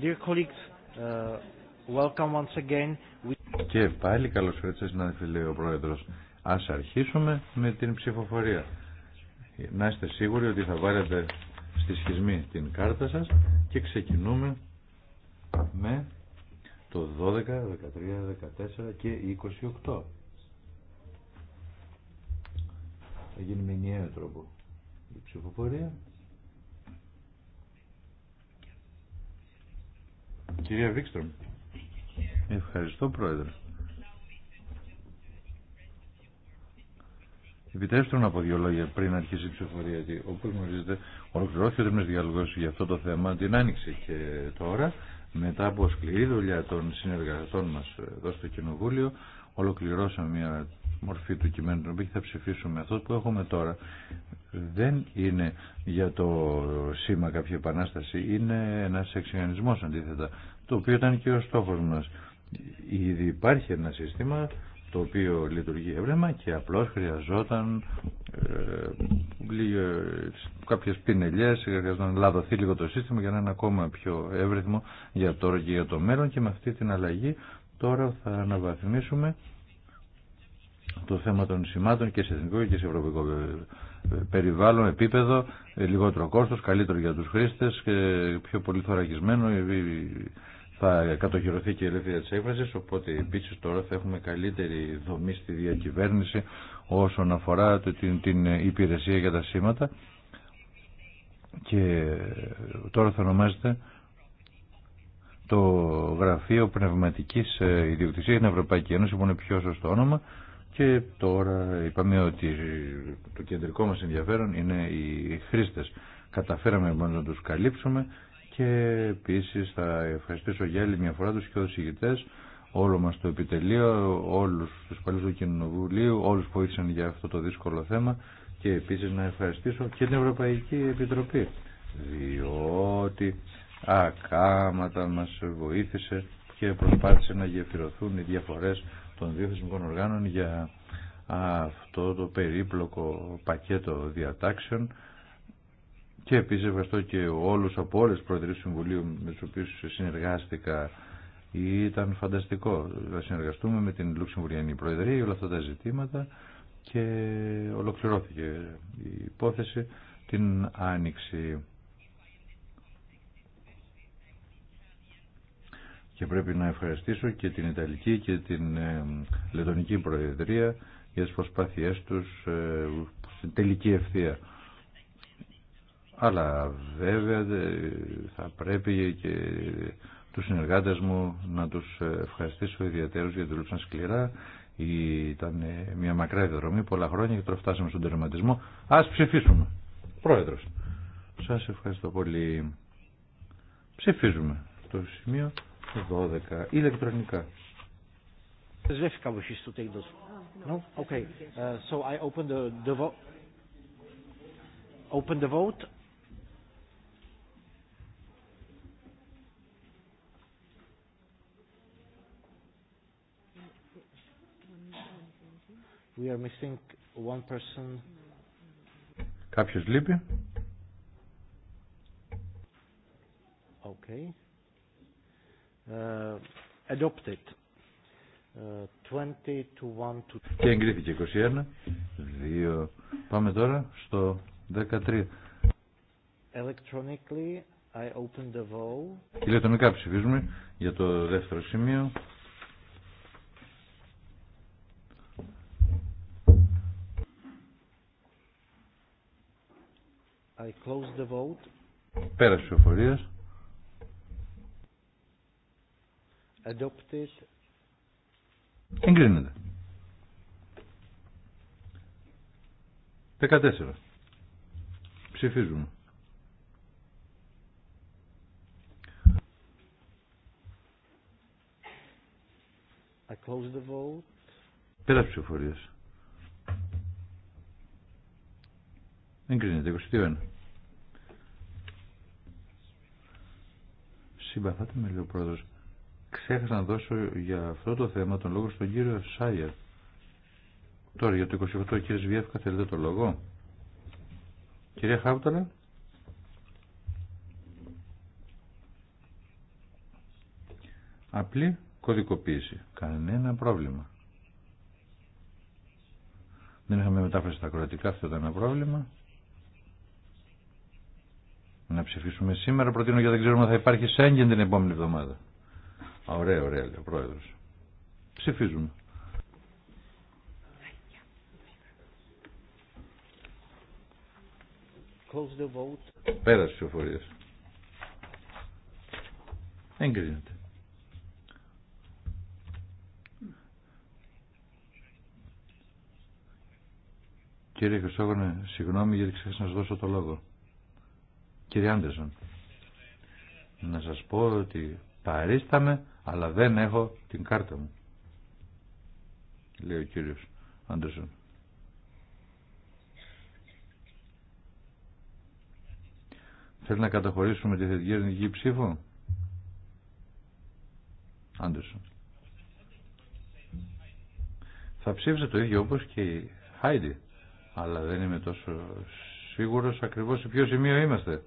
Dear colleagues, uh, welcome once again. Και πάλι καλώς ήρθατε συνάδελφοι, λέει ο Πρόεδρος. Ας αρχίσουμε με την ψηφοφορία. Να είστε σίγουροι ότι θα βάλετε στη σχισμή την κάρτα σας και ξεκινούμε με το 12, 13, 14 και 28. Θα γίνει με ενιαίο τρόπο η ψηφοφορία. Κυρία Βίκστρομ. Ευχαριστώ Πρόεδρε. Επιτρέψτε να πω δύο λόγια πριν αρχίσει η ψηφοφορία. Γιατί όπω γνωρίζετε, ολοκληρώθηκε ο τρίμηνο διάλογο για αυτό το θέμα την άνοιξε Και τώρα, μετά από σκληρή δουλειά των συνεργατών μα εδώ στο Κοινοβούλιο, ολοκληρώσαμε μια μορφή του κειμένου την οποία θα ψηφίσουμε. Αυτό που έχουμε τώρα δεν είναι για το σήμα κάποια επανάσταση, είναι ένα εξηγανισμό αντίθετα το οποίο ήταν και ο στόχος μας. Ήδη υπάρχει ένα σύστημα το οποίο λειτουργεί εύρεμα και απλώς χρειαζόταν ε, κάποιες πινελιές, χρειαζόταν να λαδοθεί λίγο το σύστημα για να είναι ακόμα πιο εύρεθμο για τώρα και για το μέλλον και με αυτή την αλλαγή τώρα θα αναβαθμίσουμε το θέμα των σημάτων και σε εθνικό και σε ευρωπαϊκό περιβάλλον, επίπεδο, ε, λιγότερο κόστος, καλύτερο για τους χρήστες, και ε, πιο πολύ θωρακισμένο, ε, θα κατοχυρωθεί και η ελευθερία της έκφραση. οπότε επίση τώρα θα έχουμε καλύτερη δομή στη διακυβέρνηση όσον αφορά την, την υπηρεσία για τα σήματα και τώρα θα ονομάζεται το Γραφείο πνευματική ε, Ιδιοκτησία στην Ευρωπαϊκή Ένωση που είναι πιο σωστό όνομα και τώρα είπαμε ότι το κεντρικό μας ενδιαφέρον είναι οι χρήστε Καταφέραμε λοιπόν να τους καλύψουμε και επίσης θα ευχαριστήσω για άλλη μια φορά τους και του ηγητές όλο μας το επιτελείο, όλους τους παλιούς του Κοινοβουλίου, όλους που ήρθαν για αυτό το δύσκολο θέμα και επίσης να ευχαριστήσω και την Ευρωπαϊκή Επιτροπή διότι ακάματα μας βοήθησε και προσπάθησε να γεφυρωθούν οι διαφορές των δύο θεσμικών οργάνων για αυτό το περίπλοκο πακέτο διατάξεων και επίσης ευχαριστώ και όλους από όλες τις Προεδρίες του Συμβουλίου με τους οποίους συνεργάστηκα. Ήταν φανταστικό να συνεργαστούμε με την Λουξεμβουριανή Προεδρία για όλα αυτά τα ζητήματα και ολοκληρώθηκε η υπόθεση την Άνοιξη. Και πρέπει να ευχαριστήσω και την Ιταλική και την ε, Λετωνική Προεδρία για τις προσπάθειές τους ε, στην τελική ευθεία. Αλλά βέβαια θα πρέπει και τους συνεργάτες μου να τους ε, ευχαριστήσω ιδιαίτερως γιατί δουλούσαν σκληρά. Ήταν ε, μια μακρά διαδρομή, πολλά χρόνια και τώρα φτάσαμε στον τερματισμό. Ας ψηφίσουμε. Πρόεδρος. Σας ευχαριστώ πολύ. Ψηφίζουμε το σημείο 12 ηλεκτρονικά. δεν uh, Open the vote We are missing one person. Κάποιος λείπει. Okay. Uh, uh Και εγκρίθηκε 21. 2. Πάμε τώρα στο 13. Electronically, Ηλεκτρονικά ψηφίζουμε για το δεύτερο σημείο. I close the vote. Πέρας ψηφοφορίας. Adopted. Εγκρίνεται. 14. Ψηφίζουμε. I close the vote. περα ψηφοφορία. ψηφοφορίας. Συμπαθάτε με λέει ο πρόεδρος. Ξέχασα να δώσω για αυτό το θέμα τον λόγο στον κύριο Σάιερ. Τώρα για το 28 κύριε Σβιέφκα θέλετε το λόγο. Κυρία Χάουταλα. Απλή κωδικοποίηση. Κανένα πρόβλημα. Δεν είχαμε μετάφραση στα κροατικά, αυτό ήταν ένα πρόβλημα να ψηφίσουμε σήμερα. Προτείνω γιατί δεν ξέρουμε αν θα υπάρχει Σέγγεν την επόμενη εβδομάδα. Ωραία, ωραία, λέει ο πρόεδρο. Ψηφίζουμε. Close the vote. Πέρασε Εγκρίνεται. Κύριε Χρυσόγωνε, συγγνώμη γιατί ξέχασα να σας δώσω το λόγο. Κύριε Άντερσον, να σας πω ότι παρίσταμε, αλλά δεν έχω την κάρτα μου. Λέει ο κύριος Άντερσον. Θέλει να καταχωρήσουμε τη θετική ελληνική ψήφο. Άντερσον. Θα ψήφισε το ίδιο όπως και η Χάιντι. Αλλά δεν είμαι τόσο σίγουρος ακριβώς σε ποιο σημείο είμαστε.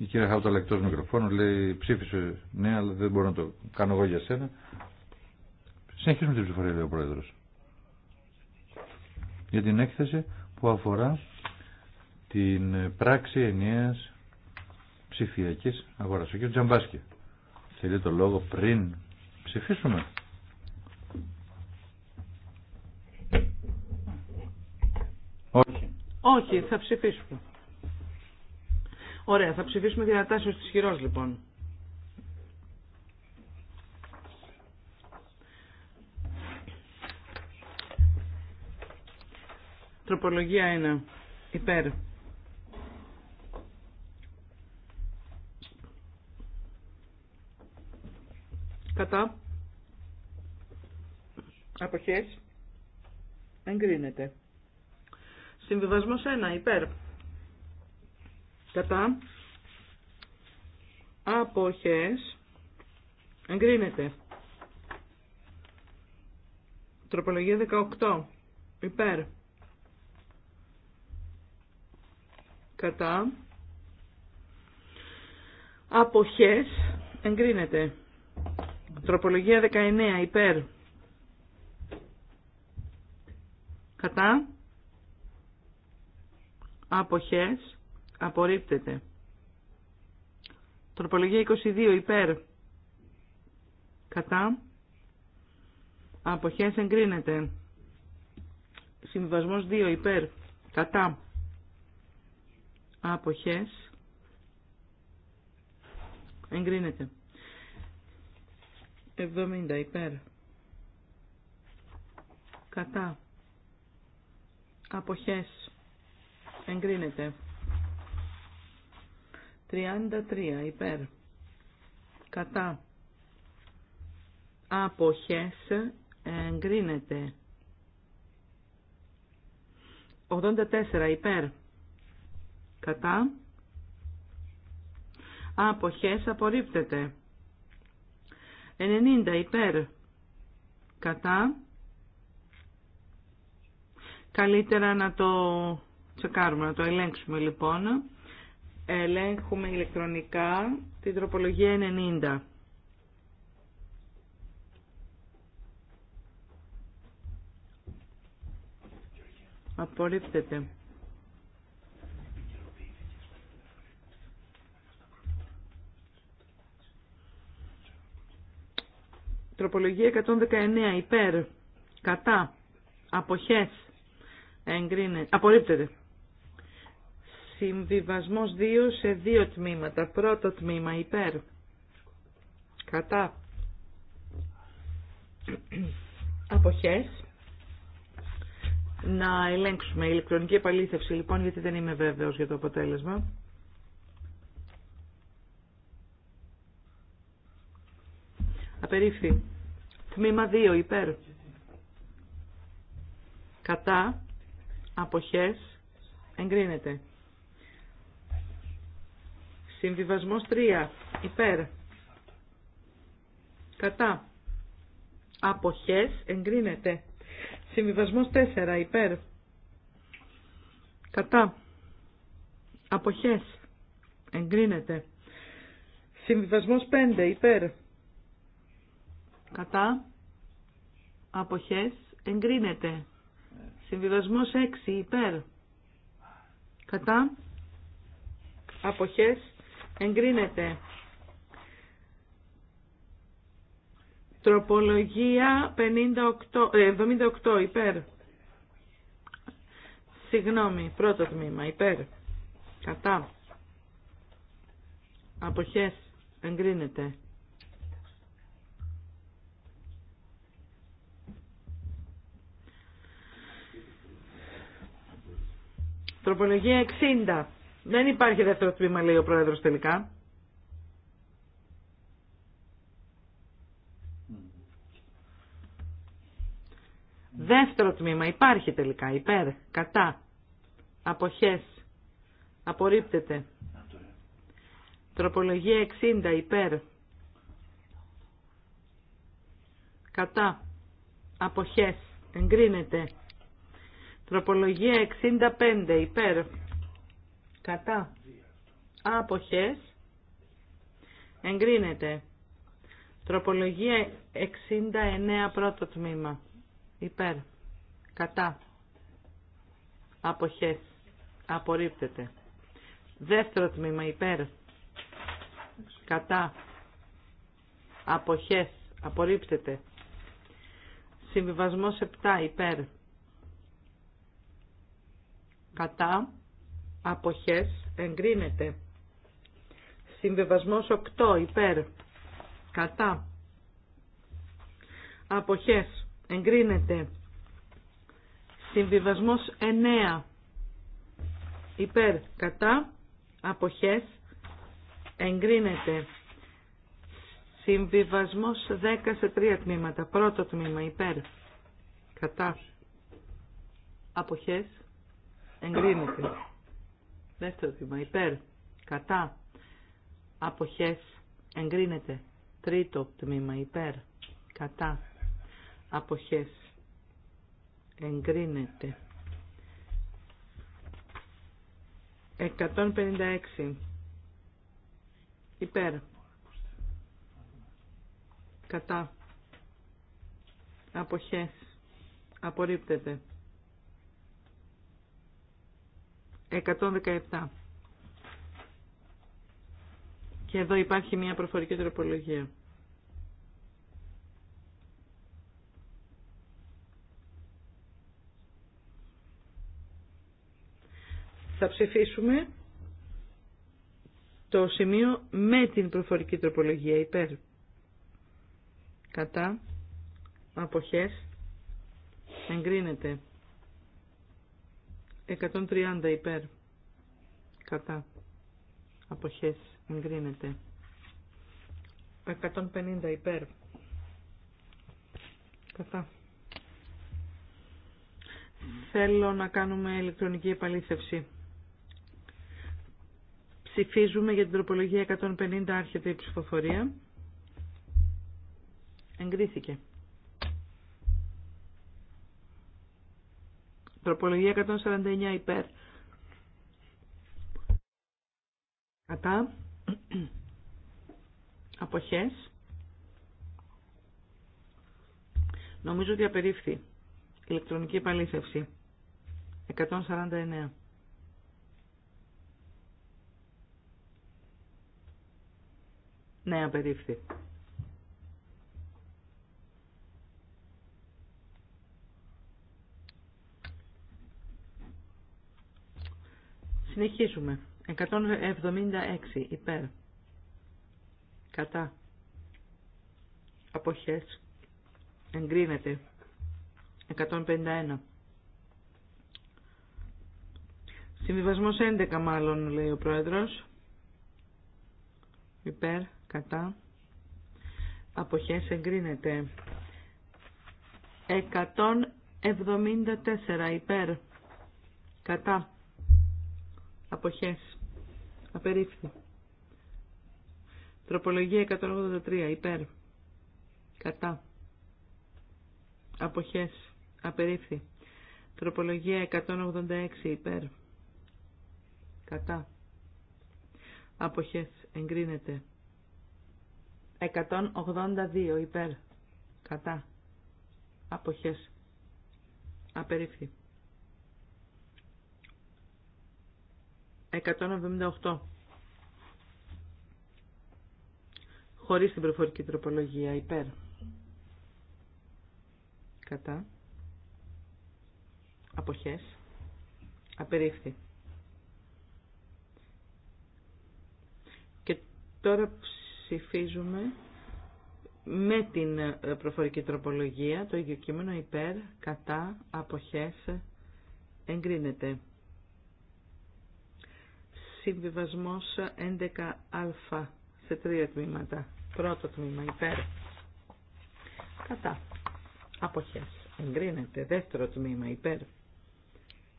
Η κυρία Χαούτα, λεκτό μικροφώνου λέει ψήφισε ναι αλλά δεν μπορώ να το κάνω εγώ για σένα. Συνεχίζουμε την ψηφορία λέει ο Πρόεδρος. Για την έκθεση που αφορά την πράξη ενιαία ψηφιακή αγορά. Ο κ. Τζαμπάσκι θέλει το λόγο πριν ψηφίσουμε. Όχι. Όχι, θα ψηφίσουμε. Ωραία, θα ψηφίσουμε δυνατά στις χειρός λοιπόν. Τροπολογία 1. Υπέρ. Κατά. Αποχές. Εγκρίνεται. Συμβιβασμός 1. Υπέρ κατά αποχές εγκρίνεται. Τροπολογία 18 υπέρ κατά αποχές εγκρίνεται. Τροπολογία 19 υπέρ κατά αποχές Απορρίπτεται. Τροπολογία 22 υπέρ. Κατά. Αποχές εγκρίνεται. Συμβασμός 2 υπέρ. Κατά. Αποχές. Εγκρίνεται. 70 υπέρ. Κατά. Αποχές. Εγκρίνεται. 33 υπέρ κατά αποχές εγκρίνεται 84 υπέρ κατά αποχές απορρίπτεται 90 υπέρ κατά καλύτερα να το τσεκάρουμε να το ελέγξουμε λοιπόν Ελέγχουμε ηλεκτρονικά την τροπολογία 90. Απορρίπτεται. Τροπολογία 119. Υπέρ. Κατά. Αποχές. Εγκρίνεται. Απορρίπτεται. Συμβιβασμός 2 σε δύο τμήματα. Πρώτο τμήμα υπέρ. Κατά. Αποχές. Να ελέγξουμε ηλεκτρονική επαλήθευση λοιπόν γιατί δεν είμαι βέβαιος για το αποτέλεσμα. Απερίφθη. Τμήμα 2 υπέρ. Κατά. Αποχές. Εγκρίνεται. Συμβιβασμός 3. Υπέρ. Κατά. Αποχές εγκρίνεται. Συμβιβασμός 4. Υπέρ. Κατά. Αποχές εγκρίνεται. Συμβιβασμός 5. Υπέρ. Κατά. Αποχές εγκρίνεται. Συμβιβασμός 6. Υπέρ. Κατά. Αποχές Εγκρίνεται. Τροπολογία 58, 78 ε, υπέρ. Συγγνώμη, πρώτο τμήμα υπέρ. Κατά. Αποχές εγκρίνεται. Τροπολογία 60. Δεν υπάρχει δεύτερο τμήμα, λέει ο πρόεδρος τελικά. Δεύτερο τμήμα υπάρχει τελικά, υπέρ, κατά, αποχές, απορρίπτεται. Τροπολογία 60, υπέρ, κατά, αποχές, εγκρίνεται. Τροπολογία 65, υπέρ, κατά άποχες εγκρίνεται. Τροπολογία 69 πρώτο τμήμα. Υπέρ. Κατά. Αποχές. Απορρίπτεται. Δεύτερο τμήμα. Υπέρ. Κατά. Αποχές. Απορρίπτεται. Συμβιβασμός 7. Υπέρ. Κατά αποχές εγκρίνεται. Συμβιβασμός 8 υπέρ κατά αποχές εγκρίνεται. Συμβιβασμός 9 υπέρ κατά αποχές εγκρίνεται. Συμβιβασμός 10 σε 3 τμήματα. Πρώτο τμήμα υπέρ κατά αποχές εγκρίνεται. Δεύτερο τμήμα υπέρ. Κατά. Αποχές. Εγκρίνεται. Τρίτο τμήμα υπέρ. Κατά. Αποχές. Εγκρίνεται. 156. Υπέρ. Κατά. Αποχές. Απορρίπτεται. 117. Και εδώ υπάρχει μια προφορική τροπολογία. Θα ψηφίσουμε το σημείο με την προφορική τροπολογία υπέρ. Κατά. Αποχές. Εγκρίνεται. 130 υπέρ. Κατά. Αποχές. Εγκρίνεται. 150 υπέρ. Κατά. Θέλω να κάνουμε ηλεκτρονική επαλήθευση. Ψηφίζουμε για την τροπολογία 150 άρχεται η ψηφοφορία. Εγκρίθηκε. Τροπολογία 149 υπέρ. Κατά. Αποχές. Νομίζω ότι απερίφθη. Ηλεκτρονική επαλήθευση. 149. Ναι, απερίφθη. Συνεχίζουμε. 176 υπέρ. Κατά. Αποχές. Εγκρίνεται. 151. Συμβιβασμός 11 μάλλον λέει ο πρόεδρος. Υπέρ. Κατά. Αποχές εγκρίνεται. 174 υπέρ. Κατά Αποχές. Απερίφθη. Τροπολογία 183. Υπέρ. Κατά. Αποχές. Απερίφθη. Τροπολογία 186. Υπέρ. Κατά. Αποχές. Εγκρίνεται. 182. Υπέρ. Κατά. Αποχές. Απερίφθη. 178. Χωρίς την προφορική τροπολογία, υπέρ. Κατά. Αποχές. Απερίφθη. Και τώρα ψηφίζουμε με την ε, προφορική τροπολογία το ίδιο κείμενο υπέρ, κατά, αποχές, εγκρίνεται. Συμβιβασμός 11α σε τρία τμήματα. Πρώτο τμήμα υπέρ. Κατά. Αποχές. Εγκρίνεται. Δεύτερο τμήμα υπέρ.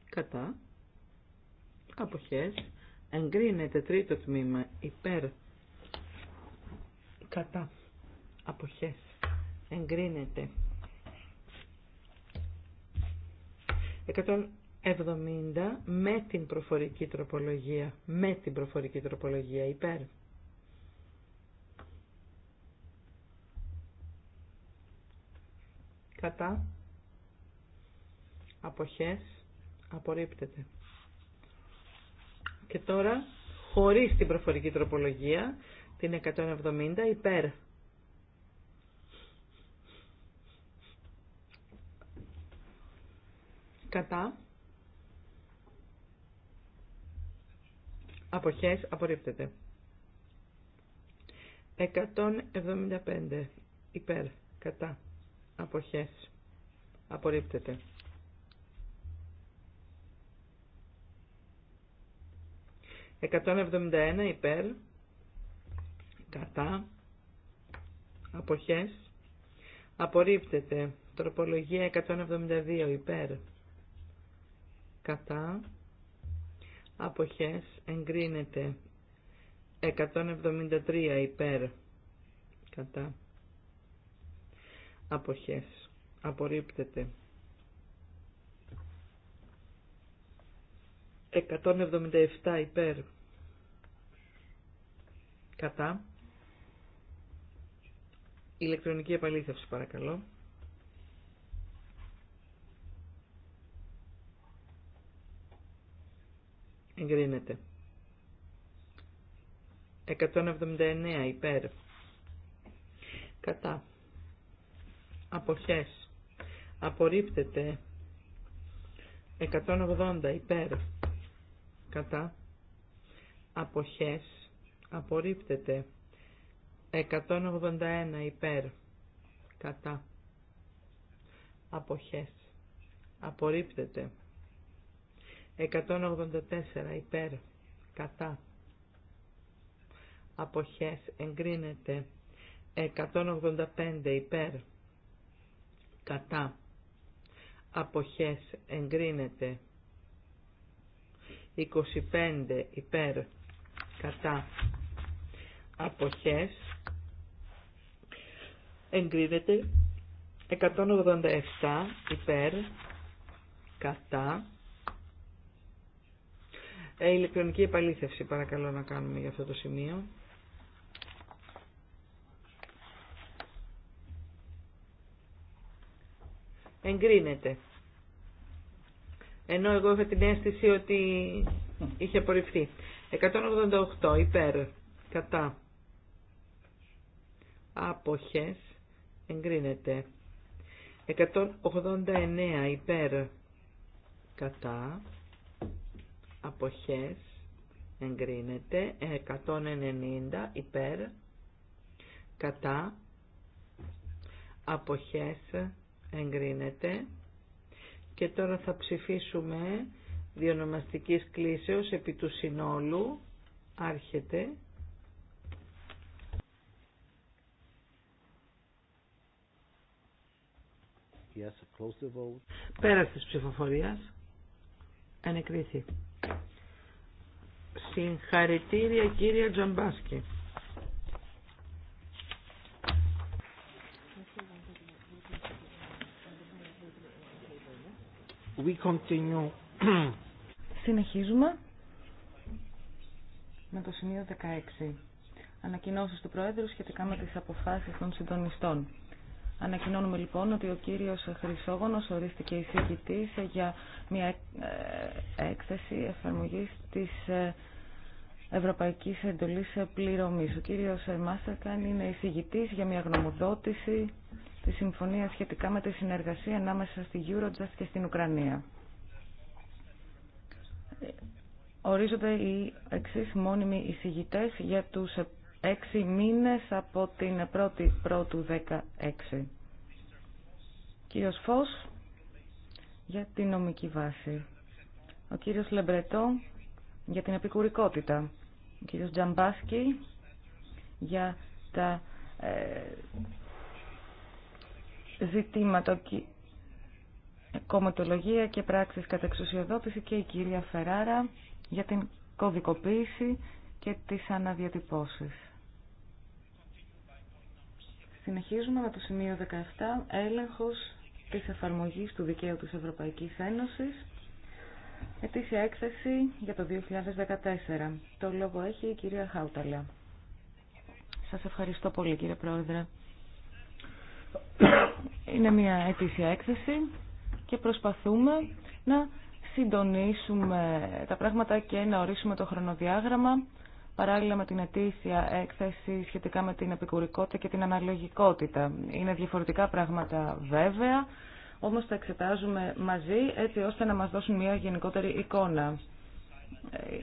Κατά. Αποχές. Εγκρίνεται. Τρίτο τμήμα υπέρ. Κατά. Αποχές. Εγκρίνεται. 70 με την προφορική τροπολογία. Με την προφορική τροπολογία υπέρ. Κατά. Αποχές. Απορρίπτεται. Και τώρα, χωρίς την προφορική τροπολογία, την 170 υπέρ. Κατά. Αποχές απορρίπτεται. 175 υπέρ κατά αποχές απορρίπτεται. 171 υπέρ κατά αποχές απορρίπτεται. Τροπολογία 172 υπέρ κατά αποχές εγκρίνεται 173 υπέρ κατά αποχές απορρίπτεται 177 υπέρ κατά ηλεκτρονική επαλήθευση παρακαλώ εγκρίνεται. 179 υπέρ. Κατά. Αποχές. Απορρίπτεται. 180 υπέρ. Κατά. Αποχές. Απορρίπτεται. 181 υπέρ. Κατά. Αποχές. Απορρίπτεται. 184 υπέρ κατά αποχές εγκρίνεται 185 υπέρ κατά αποχές εγκρίνεται 25 υπέρ κατά αποχές εγκρίνεται 187 υπέρ κατά ε, ηλεκτρονική επαλήθευση παρακαλώ να κάνουμε για αυτό το σημείο. Εγκρίνεται. Ενώ εγώ είχα την αίσθηση ότι είχε απορριφθεί. 188 υπέρ, κατά, άποχες, εγκρίνεται. 189 υπέρ, κατά, αποχές εγκρίνεται 190 υπέρ κατά αποχές εγκρίνεται και τώρα θα ψηφίσουμε διονομαστικής κλίσεως επί του συνόλου άρχεται Yes, τη ψηφοφορία. ψηφοφορίας ενεκρίθη. Συγχαρητήρια κύριε Τζαμπάσκη. We continue. Συνεχίζουμε με το σημείο 16. Ανακοινώσεις του Πρόεδρου σχετικά με τις αποφάσεις των συντονιστών. Ανακοινώνουμε λοιπόν ότι ο κύριος Χρυσόγονος ορίστηκε εισηγητής για μια ε, έκθεση εφαρμογής της ε, Ευρωπαϊκής Εντολής Πληρωμής. Ο κύριος ε, Μάστερκαν είναι εισηγητής για μια γνωμοδότηση τη συμφωνία σχετικά με τη συνεργασία ανάμεσα στη Eurojust και στην Ουκρανία. Ορίζονται οι εξής μόνιμοι εισηγητές για τους έξι μήνες από την πρώτη πρώτου δέκα 16. Κύριος Φως για την νομική βάση. Ο κύριος Λεμπρετό για την επικουρικότητα. Ο κύριος Τζαμπάσκι για τα ε, ζητήματα κομματολογία και πράξεις κατά εξουσιοδότηση και η κυρία Φεράρα για την κωδικοποίηση και τις αναδιατυπώσεις. Συνεχίζουμε με το σημείο 17, έλεγχος της εφαρμογής του δικαίου της Ευρωπαϊκής Ένωσης, ετήσια έκθεση για το 2014. Το λόγο έχει η κυρία Χάουταλα. Σας ευχαριστώ πολύ κύριε Πρόεδρε. Είναι μια ετήσια έκθεση και προσπαθούμε να συντονίσουμε τα πράγματα και να ορίσουμε το χρονοδιάγραμμα παράλληλα με την ετήσια έκθεση σχετικά με την επικουρικότητα και την αναλογικότητα. Είναι διαφορετικά πράγματα βέβαια, όμως τα εξετάζουμε μαζί έτσι ώστε να μας δώσουν μια γενικότερη εικόνα. Ε,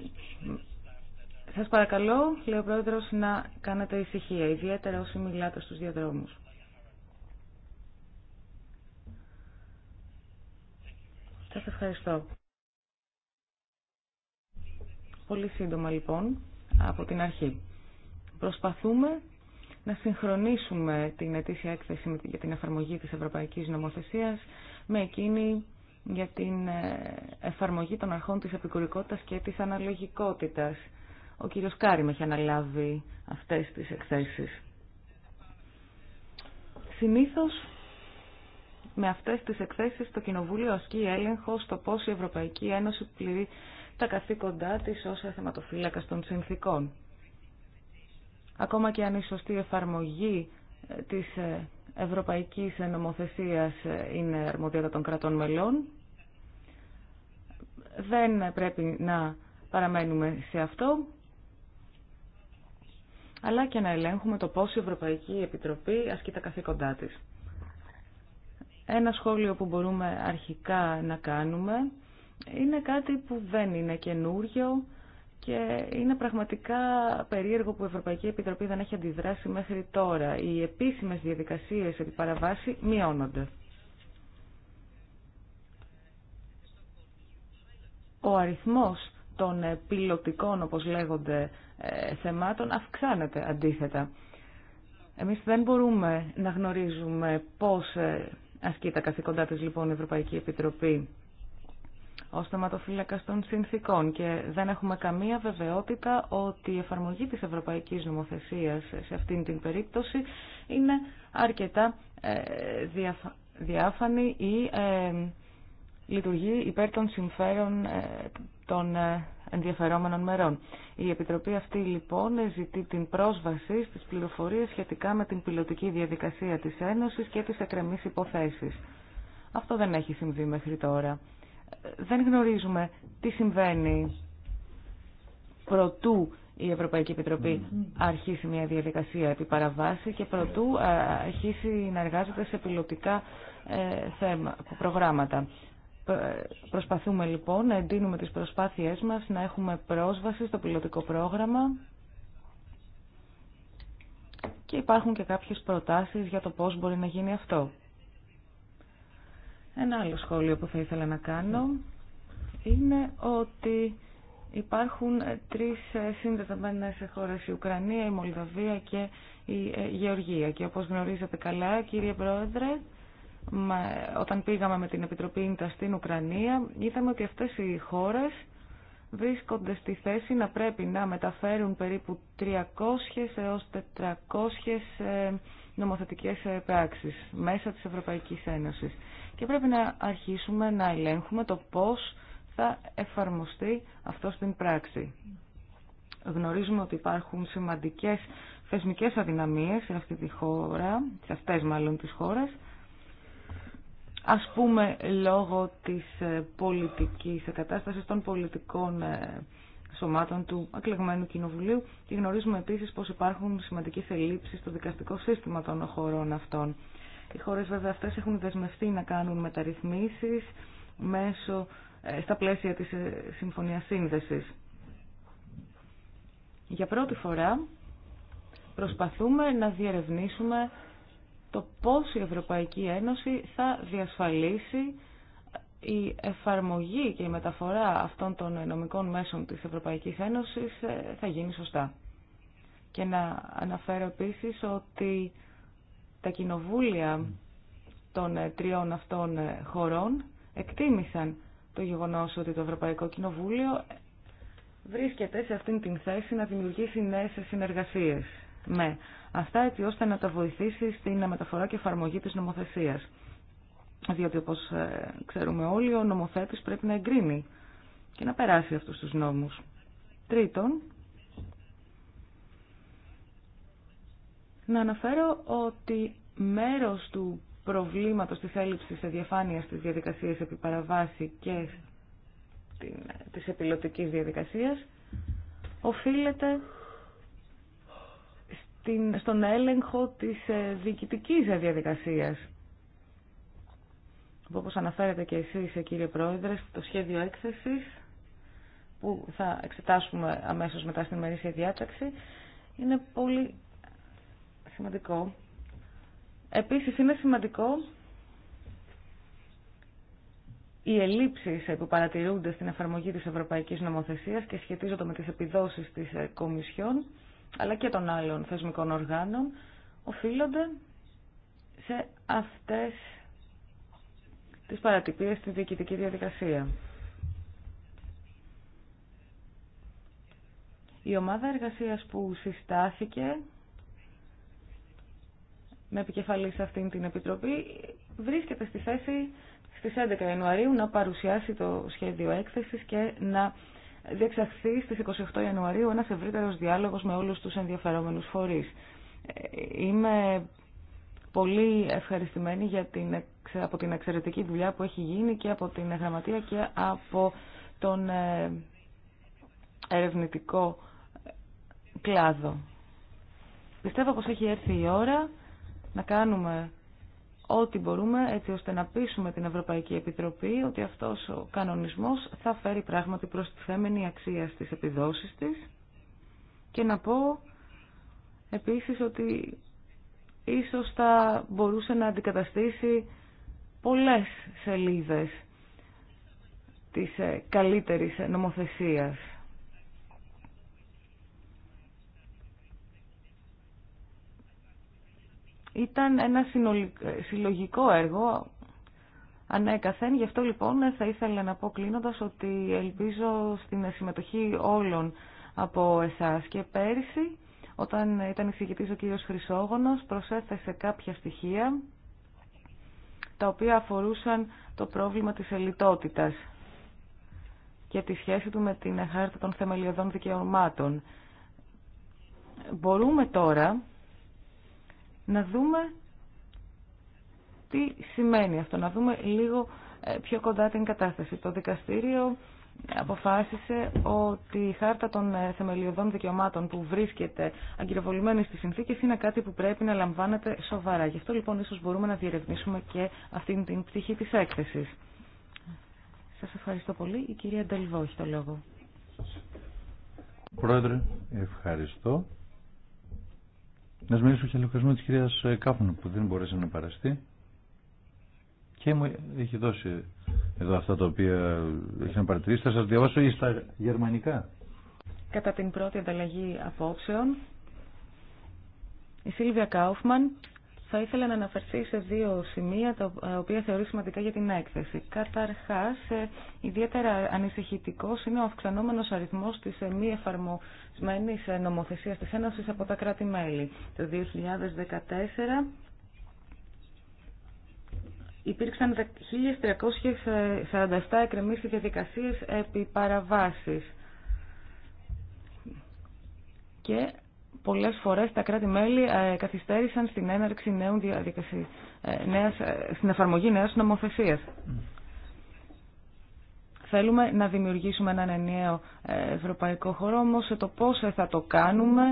σας παρακαλώ, λέει ο να κάνετε ησυχία, ιδιαίτερα όσοι μιλάτε στους διαδρόμους. Σας ευχαριστώ. Πολύ σύντομα λοιπόν από την αρχή. Προσπαθούμε να συγχρονίσουμε την ετήσια έκθεση για την εφαρμογή της Ευρωπαϊκής Νομοθεσίας με εκείνη για την ε, εφαρμογή των αρχών της επικουρικότητας και της αναλογικότητας. Ο κύριος Κάριμ έχει αναλάβει αυτές τις εκθέσεις. Συνήθως με αυτές τις εκθέσεις το Κοινοβούλιο ασκεί έλεγχο στο πώς η Ευρωπαϊκή Ένωση τα καθήκοντά της ως θεματοφύλακα των συνθήκων. Ακόμα και αν η σωστή εφαρμογή ε, της ε, ευρωπαϊκής νομοθεσίας ε, είναι αρμοδιότητα των κρατών μελών, δεν πρέπει να παραμένουμε σε αυτό, αλλά και να ελέγχουμε το πώς η Ευρωπαϊκή Επιτροπή ασκεί τα καθήκοντά της. Ένα σχόλιο που μπορούμε αρχικά να κάνουμε είναι κάτι που δεν είναι καινούριο και είναι πραγματικά περίεργο που η Ευρωπαϊκή Επιτροπή δεν έχει αντιδράσει μέχρι τώρα. Οι επίσημες διαδικασίες επί παραβάση μειώνονται. Ο αριθμός των πιλωτικών, όπως λέγονται, ε, θεμάτων αυξάνεται αντίθετα. Εμείς δεν μπορούμε να γνωρίζουμε πώς ε, ασκεί τα καθήκοντά της λοιπόν η Ευρωπαϊκή Επιτροπή. Ω θεματοφύλακα των συνθήκων και δεν έχουμε καμία βεβαιότητα ότι η εφαρμογή της ευρωπαϊκής νομοθεσίας σε αυτήν την περίπτωση είναι αρκετά ε, διάφανη ή ε, λειτουργεί υπέρ των συμφέρων ε, των ενδιαφερόμενων μερών. Η Επιτροπή αυτή λοιπόν ζητεί την πρόσβαση στις πληροφορίες σχετικά με την πιλωτική διαδικασία της Ένωσης και τις εκκρεμής υποθέσεις. Αυτό δεν έχει συμβεί μέχρι τώρα δεν γνωρίζουμε τι συμβαίνει προτού η Ευρωπαϊκή Επιτροπή mm-hmm. αρχίσει μια διαδικασία επί παραβάση και προτού ε, αρχίσει να εργάζεται σε πιλωτικά ε, θέμα, προγράμματα. Ε, προσπαθούμε λοιπόν να εντείνουμε τις προσπάθειές μας, να έχουμε πρόσβαση στο πιλωτικό πρόγραμμα και υπάρχουν και κάποιες προτάσεις για το πώς μπορεί να γίνει αυτό. Ένα άλλο σχόλιο που θα ήθελα να κάνω είναι ότι υπάρχουν τρεις συνδεδεμένες χώρες, η Ουκρανία, η Μολδαβία και η ε, Γεωργία. Και όπως γνωρίζετε καλά, κύριε Πρόεδρε, όταν πήγαμε με την Επιτροπή Ίντα στην Ουκρανία, είδαμε ότι αυτές οι χώρες βρίσκονται στη θέση να πρέπει να μεταφέρουν περίπου 300 έως 400 νομοθετικές ε, πράξεις μέσα της Ευρωπαϊκής Ένωσης. Και πρέπει να αρχίσουμε να ελέγχουμε το πώς θα εφαρμοστεί αυτό στην πράξη. Γνωρίζουμε ότι υπάρχουν σημαντικές θεσμικές αδυναμίες σε αυτή τη χώρα, σε αυτές μάλλον τις χώρες, ας πούμε λόγω της ε, πολιτικής εκατάστασης των πολιτικών ε, σωμάτων του εκλεγμένου κοινοβουλίου και γνωρίζουμε επίσης πως υπάρχουν σημαντικές ελλείψεις στο δικαστικό σύστημα των χωρών αυτών. Οι χώρες βέβαια αυτές έχουν δεσμευτεί να κάνουν μεταρρυθμίσεις μέσω, ε, στα πλαίσια της ε, Συμφωνίας Σύνδεσης. Για πρώτη φορά προσπαθούμε να διερευνήσουμε το πώς η Ευρωπαϊκή Ένωση θα διασφαλίσει η εφαρμογή και η μεταφορά αυτών των νομικών μέσων της Ευρωπαϊκής Ένωσης ε, θα γίνει σωστά. Και να αναφέρω επίσης ότι τα κοινοβούλια των ε, τριών αυτών ε, χωρών εκτίμησαν το γεγονός ότι το Ευρωπαϊκό Κοινοβούλιο βρίσκεται σε αυτήν την θέση να δημιουργήσει νέες συνεργασίες με αυτά έτσι ώστε να τα βοηθήσει στην μεταφορά και εφαρμογή της νομοθεσίας διότι όπως ε, ξέρουμε όλοι ο νομοθέτης πρέπει να εγκρίνει και να περάσει αυτούς τους νόμους. Τρίτον, να αναφέρω ότι μέρος του προβλήματος της έλλειψης διαφάνεια της διαδικασίας επί παραβάση και της επιλοτικής διαδικασίας οφείλεται στην, στον έλεγχο της ε, διοικητικής διαδικασίας όπως αναφέρετε και εσείς κύριε Πρόεδρε, το σχέδιο έκθεσης που θα εξετάσουμε αμέσως μετά στην ημερήσια διάταξη είναι πολύ σημαντικό. Επίσης είναι σημαντικό οι ελλείψεις που παρατηρούνται στην εφαρμογή της Ευρωπαϊκής Νομοθεσίας και σχετίζονται με τις επιδόσεις της Κομισιόν αλλά και των άλλων θεσμικών οργάνων οφείλονται σε αυτές τις παρατυπίες στη διοικητική διαδικασία. Η ομάδα εργασίας που συστάθηκε με επικεφαλή σε αυτήν την Επιτροπή βρίσκεται στη θέση στις 11 Ιανουαρίου να παρουσιάσει το σχέδιο έκθεσης και να διεξαχθεί στις 28 Ιανουαρίου ένας ευρύτερος διάλογος με όλους τους ενδιαφερόμενους φορείς. Ε, είμαι πολύ ευχαριστημένη για την, από την εξαιρετική δουλειά που έχει γίνει και από την γραμματεία και από τον ε, ερευνητικό κλάδο. Πιστεύω πως έχει έρθει η ώρα να κάνουμε ό,τι μπορούμε έτσι ώστε να πείσουμε την Ευρωπαϊκή Επιτροπή ότι αυτός ο κανονισμός θα φέρει πράγματι προστιθέμενη αξία στις επιδόσεις της και να πω επίσης ότι ίσως θα μπορούσε να αντικαταστήσει πολλές σελίδες της ε, καλύτερης νομοθεσίας. Ήταν ένα ε, συλλογικό έργο ανέκαθεν, γι' αυτό λοιπόν θα ήθελα να πω κλείνοντας ότι ελπίζω στην συμμετοχή όλων από εσάς και πέρυσι όταν ήταν εισηγητής ο κύριος Χρυσόγονος προσέθεσε κάποια στοιχεία τα οποία αφορούσαν το πρόβλημα της ελιτότητας και τη σχέση του με την χάρτα των θεμελιωδών δικαιωμάτων. Μπορούμε τώρα να δούμε τι σημαίνει αυτό, να δούμε λίγο ε, πιο κοντά την κατάσταση. Το δικαστήριο αποφάσισε ότι η χάρτα των ε, θεμελιωδών δικαιωμάτων που βρίσκεται αγκυροβολημένη στις συνθήκες είναι κάτι που πρέπει να λαμβάνεται σοβαρά. Γι' αυτό λοιπόν ίσως μπορούμε να διερευνήσουμε και αυτήν την πτυχή της έκθεσης. Σας ευχαριστώ πολύ. Η κυρία Ντελβό έχει το λόγο. Πρόεδρε, ευχαριστώ. Να μιλήσω και λογαριασμό της κυρίας Κάφνου που δεν μπορέσε να παραστεί και μου έχει δώσει εδώ αυτά τα οποία είχαν παρατηρήσει, θα σα διαβάσω ή στα γερμανικά. Κατά την πρώτη ανταλλαγή απόψεων, η Σίλβια Κάουφμαν θα ήθελε να αναφερθεί σε δύο σημεία τα οποία θεωρεί σημαντικά για την έκθεση. Καταρχά, ε, ιδιαίτερα ανησυχητικό είναι ο αυξανόμενο αριθμό τη ε, μη εφαρμοσμένη ε, νομοθεσία τη Ένωση από τα κράτη-μέλη. Το 2014 υπήρξαν 1.347 εκκρεμίσεις διαδικασίες επί παραβάσεις. Και πολλές φορές τα κράτη-μέλη ε, καθυστέρησαν στην έναρξη νέων ε, νέας, ε, στην εφαρμογή νέας νομοθεσίας. Θέλουμε να δημιουργήσουμε έναν ενιαίο ευρωπαϊκό χώρο, όμως το πώς θα το κάνουμε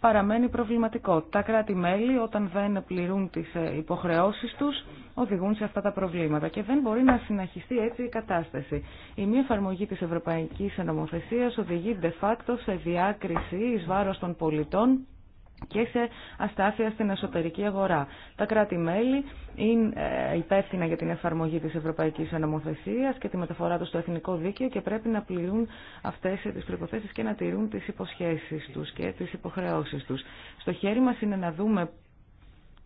παραμένει προβληματικό. Τα κράτη-μέλη όταν δεν πληρούν τις ε, υποχρεώσεις τους οδηγούν σε αυτά τα προβλήματα και δεν μπορεί να συνεχιστεί έτσι η κατάσταση. Η μη εφαρμογή της Ευρωπαϊκής ενομοθεσίας οδηγεί de facto σε διάκριση εις βάρος των πολιτών και σε αστάθεια στην εσωτερική αγορά. Τα κράτη-μέλη είναι ε, υπεύθυνα για την εφαρμογή της Ευρωπαϊκής Ανομοθεσίας και τη μεταφορά του στο εθνικό δίκαιο και πρέπει να πληρούν αυτές ε, τις προϋποθέσεις και να τηρούν τις υποσχέσεις τους και τις υποχρεώσεις τους. Στο χέρι μας είναι να δούμε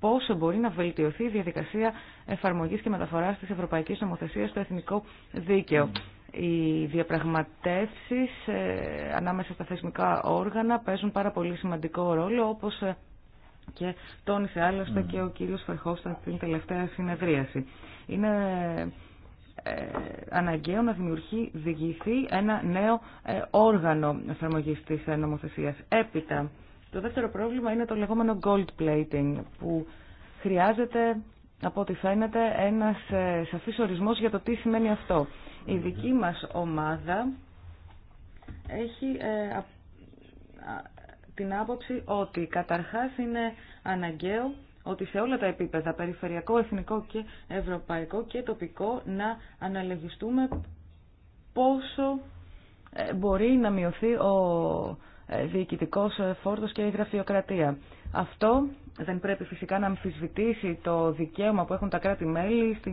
πόσο μπορεί να βελτιωθεί η διαδικασία εφαρμογής και μεταφοράς της Ευρωπαϊκής Νομοθεσίας στο εθνικό δίκαιο. Οι διαπραγματεύσεις ε, ανάμεσα στα θεσμικά όργανα παίζουν πάρα πολύ σημαντικό ρόλο, όπως ε, και τόνισε άλλωστε ναι. και ο κύριος Φερχόφσταν στην τελευταία συνεδρίαση. Είναι ε, αναγκαίο να δημιουργηθεί ένα νέο όργανο εφαρμογής της νομοθεσίας. Έπειτα, το δεύτερο πρόβλημα είναι το λεγόμενο gold plating, που χρειάζεται, από ό,τι φαίνεται, ένας σαφής ορισμός για το τι σημαίνει αυτό. Η δική μας ομάδα έχει ε, την άποψη ότι καταρχάς είναι αναγκαίο ότι σε όλα τα επίπεδα, περιφερειακό, εθνικό και ευρωπαϊκό και τοπικό, να αναλογιστούμε πόσο ε, μπορεί να μειωθεί ο ε, Διοικητικό ε, φόρτος και η γραφειοκρατία. Αυτό δεν πρέπει φυσικά να αμφισβητήσει το δικαίωμα που έχουν τα κράτη-μέλη ε,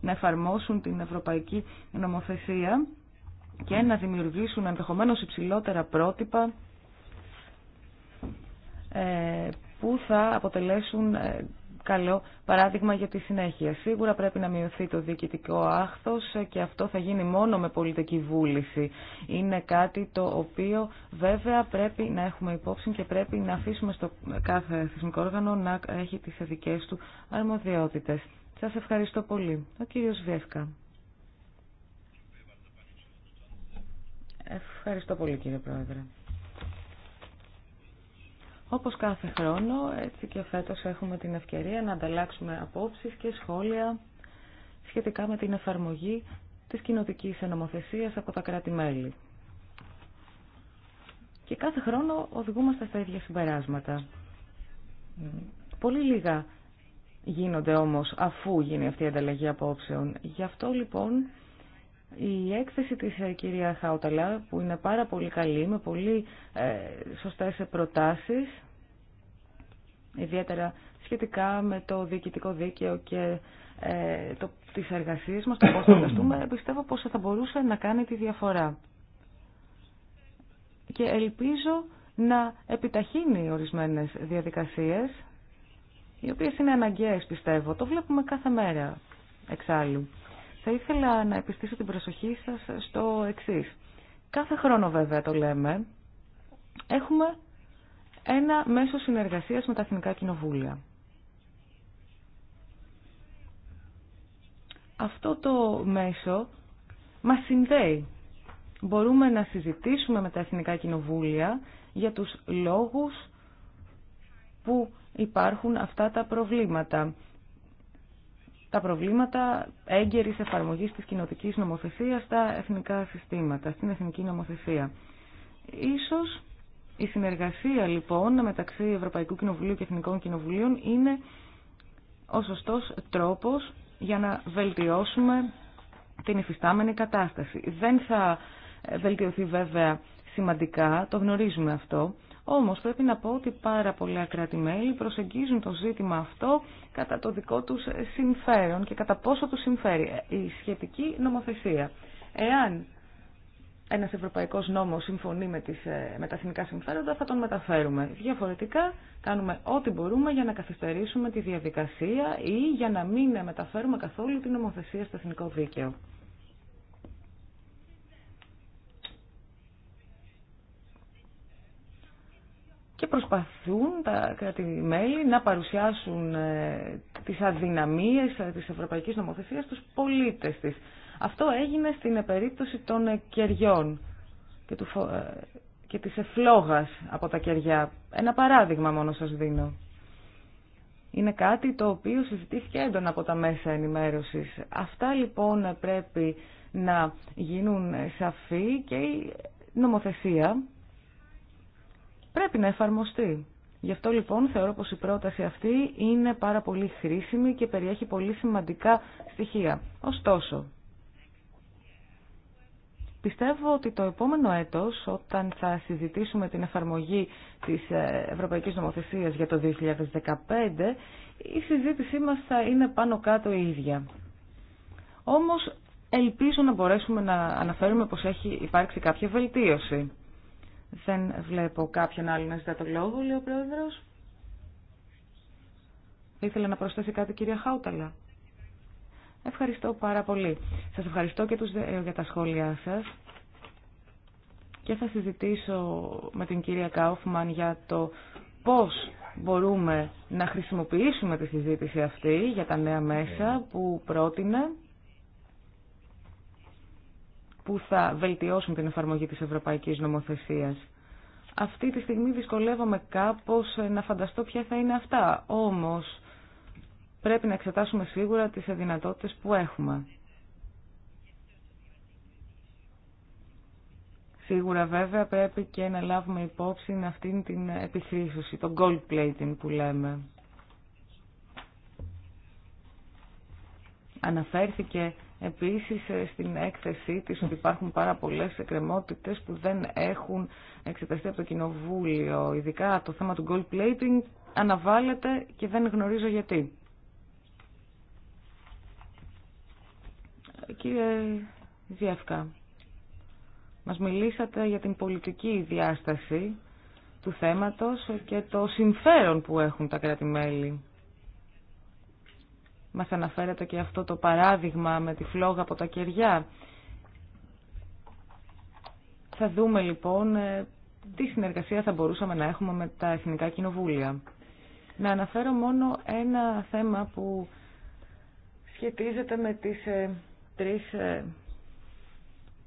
να εφαρμόσουν την ευρωπαϊκή νομοθεσία και να δημιουργήσουν ενδεχομένω υψηλότερα πρότυπα που θα αποτελέσουν καλό παράδειγμα για τη συνέχεια. Σίγουρα πρέπει να μειωθεί το διοικητικό άχθο και αυτό θα γίνει μόνο με πολιτική βούληση. Είναι κάτι το οποίο βέβαια πρέπει να έχουμε υπόψη και πρέπει να αφήσουμε στο κάθε θεσμικό όργανο να έχει τις δικέ του αρμοδιότητε. Σας ευχαριστώ πολύ. Ο κύριο Βιέσκα. Ευχαριστώ πολύ κύριε Πρόεδρε. Όπως κάθε χρόνο, έτσι και φέτος έχουμε την ευκαιρία να ανταλλάξουμε απόψεις και σχόλια σχετικά με την εφαρμογή της κοινοτικής νομοθεσίας από τα κράτη-μέλη. Και κάθε χρόνο οδηγούμαστε στα ίδια συμπεράσματα. Πολύ λίγα γίνονται όμως αφού γίνει αυτή η ανταλλαγή απόψεων. Γι' αυτό λοιπόν η έκθεση της ε, κυρία Χάουταλα, που είναι πάρα πολύ καλή, με πολύ ε, σωστές προτάσεις, ιδιαίτερα σχετικά με το διοικητικό δίκαιο και ε, το, τις εργασίες μας, το πώς θα εργαστούμε, πιστεύω πως θα μπορούσε να κάνει τη διαφορά. Και ελπίζω να επιταχύνει ορισμένες διαδικασίες, οι οποίες είναι αναγκαίες πιστεύω. Το βλέπουμε κάθε μέρα εξάλλου. Θα ήθελα να επιστήσω την προσοχή σας στο εξής. Κάθε χρόνο βέβαια το λέμε, έχουμε ένα μέσο συνεργασίας με τα Εθνικά Κοινοβούλια. Αυτό το μέσο μας συνδέει. Μπορούμε να συζητήσουμε με τα Εθνικά Κοινοβούλια για τους λόγους που υπάρχουν αυτά τα προβλήματα τα προβλήματα έγκαιρης εφαρμογής της κοινοτικής νομοθεσίας στα εθνικά συστήματα, στην εθνική νομοθεσία. Ίσως η συνεργασία λοιπόν μεταξύ Ευρωπαϊκού Κοινοβουλίου και Εθνικών Κοινοβουλίων είναι ο σωστός τρόπος για να βελτιώσουμε την υφιστάμενη κατάσταση. Δεν θα βελτιωθεί βέβαια σημαντικά, το γνωρίζουμε αυτό, όμως πρέπει να πω ότι πάρα πολλά κράτη-μέλη προσεγγίζουν το ζήτημα αυτό κατά το δικό τους συμφέρον και κατά πόσο τους συμφέρει η σχετική νομοθεσία. Εάν ένας ευρωπαϊκός νόμος συμφωνεί με, τις, ε, με τα εθνικά συμφέροντα θα τον μεταφέρουμε. Διαφορετικά κάνουμε ό,τι μπορούμε για να καθυστερήσουμε τη διαδικασία ή για να μην μεταφέρουμε καθόλου την νομοθεσία στο εθνικό δίκαιο. και προσπαθούν τα κράτη-μέλη να παρουσιάσουν ε, τις αδυναμίες ε, της ευρωπαϊκής νομοθεσίας στους πολίτες της. Αυτό έγινε στην περίπτωση των ε, κεριών και, του, και της εφλόγας από τα κεριά. Ένα παράδειγμα μόνο σας δίνω. Είναι κάτι το οποίο συζητήθηκε έντονα από τα μέσα ενημέρωσης. Αυτά λοιπόν πρέπει να γίνουν σαφή και η νομοθεσία πρέπει να εφαρμοστεί. Γι' αυτό λοιπόν θεωρώ πως η πρόταση αυτή είναι πάρα πολύ χρήσιμη και περιέχει πολύ σημαντικά στοιχεία. Ωστόσο, πιστεύω ότι το επόμενο έτος όταν θα συζητήσουμε την εφαρμογή της ε, Ευρωπαϊκής Νομοθεσίας για το 2015 η συζήτησή μας θα είναι πάνω κάτω η ίδια. Όμως ελπίζω να μπορέσουμε να αναφέρουμε πως έχει υπάρξει κάποια βελτίωση. Δεν βλέπω κάποιον άλλο να ζητά το λόγο, λέει ο πρόεδρο. Ήθελα να προσθέσει κάτι κυρία Χάουταλα. Ευχαριστώ πάρα πολύ. Σας ευχαριστώ και τους, ε, για τα σχόλιά σας. Και θα συζητήσω με την κυρία Κάουφμαν για το πώς μπορούμε να χρησιμοποιήσουμε τη συζήτηση αυτή για τα νέα μέσα που πρότεινε που θα βελτιώσουν την εφαρμογή της ευρωπαϊκής νομοθεσίας. Αυτή τη στιγμή δυσκολεύομαι κάπως ε, να φανταστώ ποια θα είναι αυτά, όμως πρέπει να εξετάσουμε σίγουρα τις δυνατότητες που έχουμε. Σίγουρα βέβαια πρέπει και να λάβουμε υπόψη αυτήν την επιχρήσωση, το gold plating που λέμε. Αναφέρθηκε Επίσης ε, στην έκθεσή της ότι υπάρχουν πάρα πολλές εκκρεμότητες που δεν έχουν εξεταστεί από το Κοινοβούλιο. Ειδικά το θέμα του gold plating αναβάλλεται και δεν γνωρίζω γιατί. Κύριε Διεύκα, μας μιλήσατε για την πολιτική διάσταση του θέματος και το συμφέρον που έχουν τα κράτη-μέλη μας αναφέρεται και αυτό το παράδειγμα με τη φλόγα από τα κεριά. Θα δούμε λοιπόν ε, τι συνεργασία θα μπορούσαμε να έχουμε με τα Εθνικά Κοινοβούλια. Να αναφέρω μόνο ένα θέμα που σχετίζεται με τις ε, τρεις ε,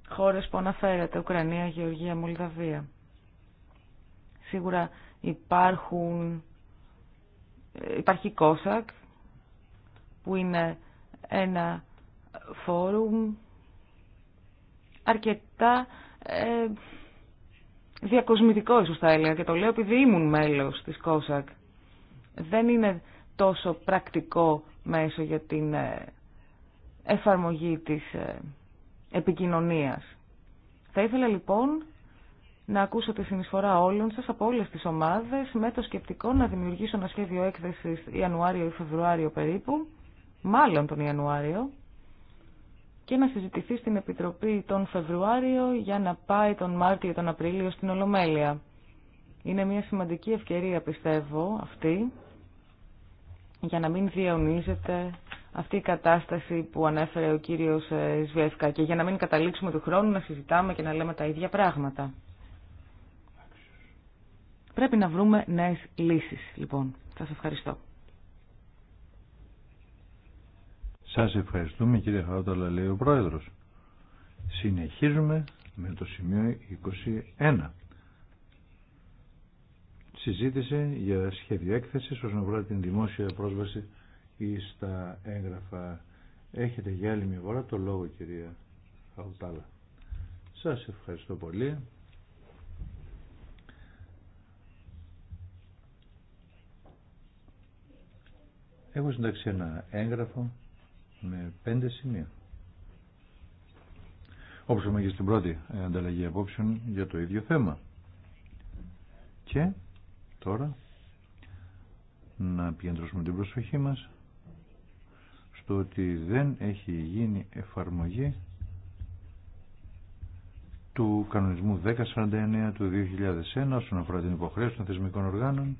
χώρες που αναφέρατε, Ουκρανία, Γεωργία, Μολδαβία. Σίγουρα υπάρχουν, ε, υπάρχει Κόσακ, που είναι ένα φόρουμ αρκετά ε, διακοσμητικό ίσως θα έλεγα και το λέω επειδή ήμουν μέλος της ΚΟΣΑΚ. Δεν είναι τόσο πρακτικό μέσο για την ε, εφαρμογή της ε, επικοινωνίας. Θα ήθελα λοιπόν να ακούσω τη συνεισφορά όλων σας από όλες τις ομάδες με το σκεπτικό να δημιουργήσω ένα σχέδιο έκθεσης Ιανουάριο ή Φεβρουάριο περίπου μάλλον τον Ιανουάριο, και να συζητηθεί στην Επιτροπή τον Φεβρουάριο για να πάει τον Μάρτιο ή τον Απρίλιο στην Ολομέλεια. Είναι μια σημαντική ευκαιρία, πιστεύω, αυτή, για να μην διαονίζεται αυτή η κατάσταση που ανέφερε ο κύριος ε, Σβιεύκα και για να μην καταλήξουμε του χρόνου να συζητάμε και να λέμε τα ίδια πράγματα. Πρέπει να βρούμε νέες λύσεις, λοιπόν. Σας ευχαριστώ. Σας ευχαριστούμε κύριε Χαρόταλα, λέει ο Πρόεδρος. Συνεχίζουμε με το σημείο 21. Συζήτηση για σχέδιο έκθεσης όσον αφορά την δημόσια πρόσβαση ή στα έγγραφα. Έχετε για άλλη μια φορά το λόγο κυρία Χαουτάλα. Σας ευχαριστώ πολύ. Έχω συντάξει ένα έγγραφο με πέντε σημεία. Όπως είπαμε και στην πρώτη ε, ανταλλαγή απόψεων για το ίδιο θέμα. Και τώρα να επικεντρώσουμε την προσοχή μας στο ότι δεν έχει γίνει εφαρμογή του κανονισμού 1049 του 2001 όσον αφορά την υποχρέωση των θεσμικών οργάνων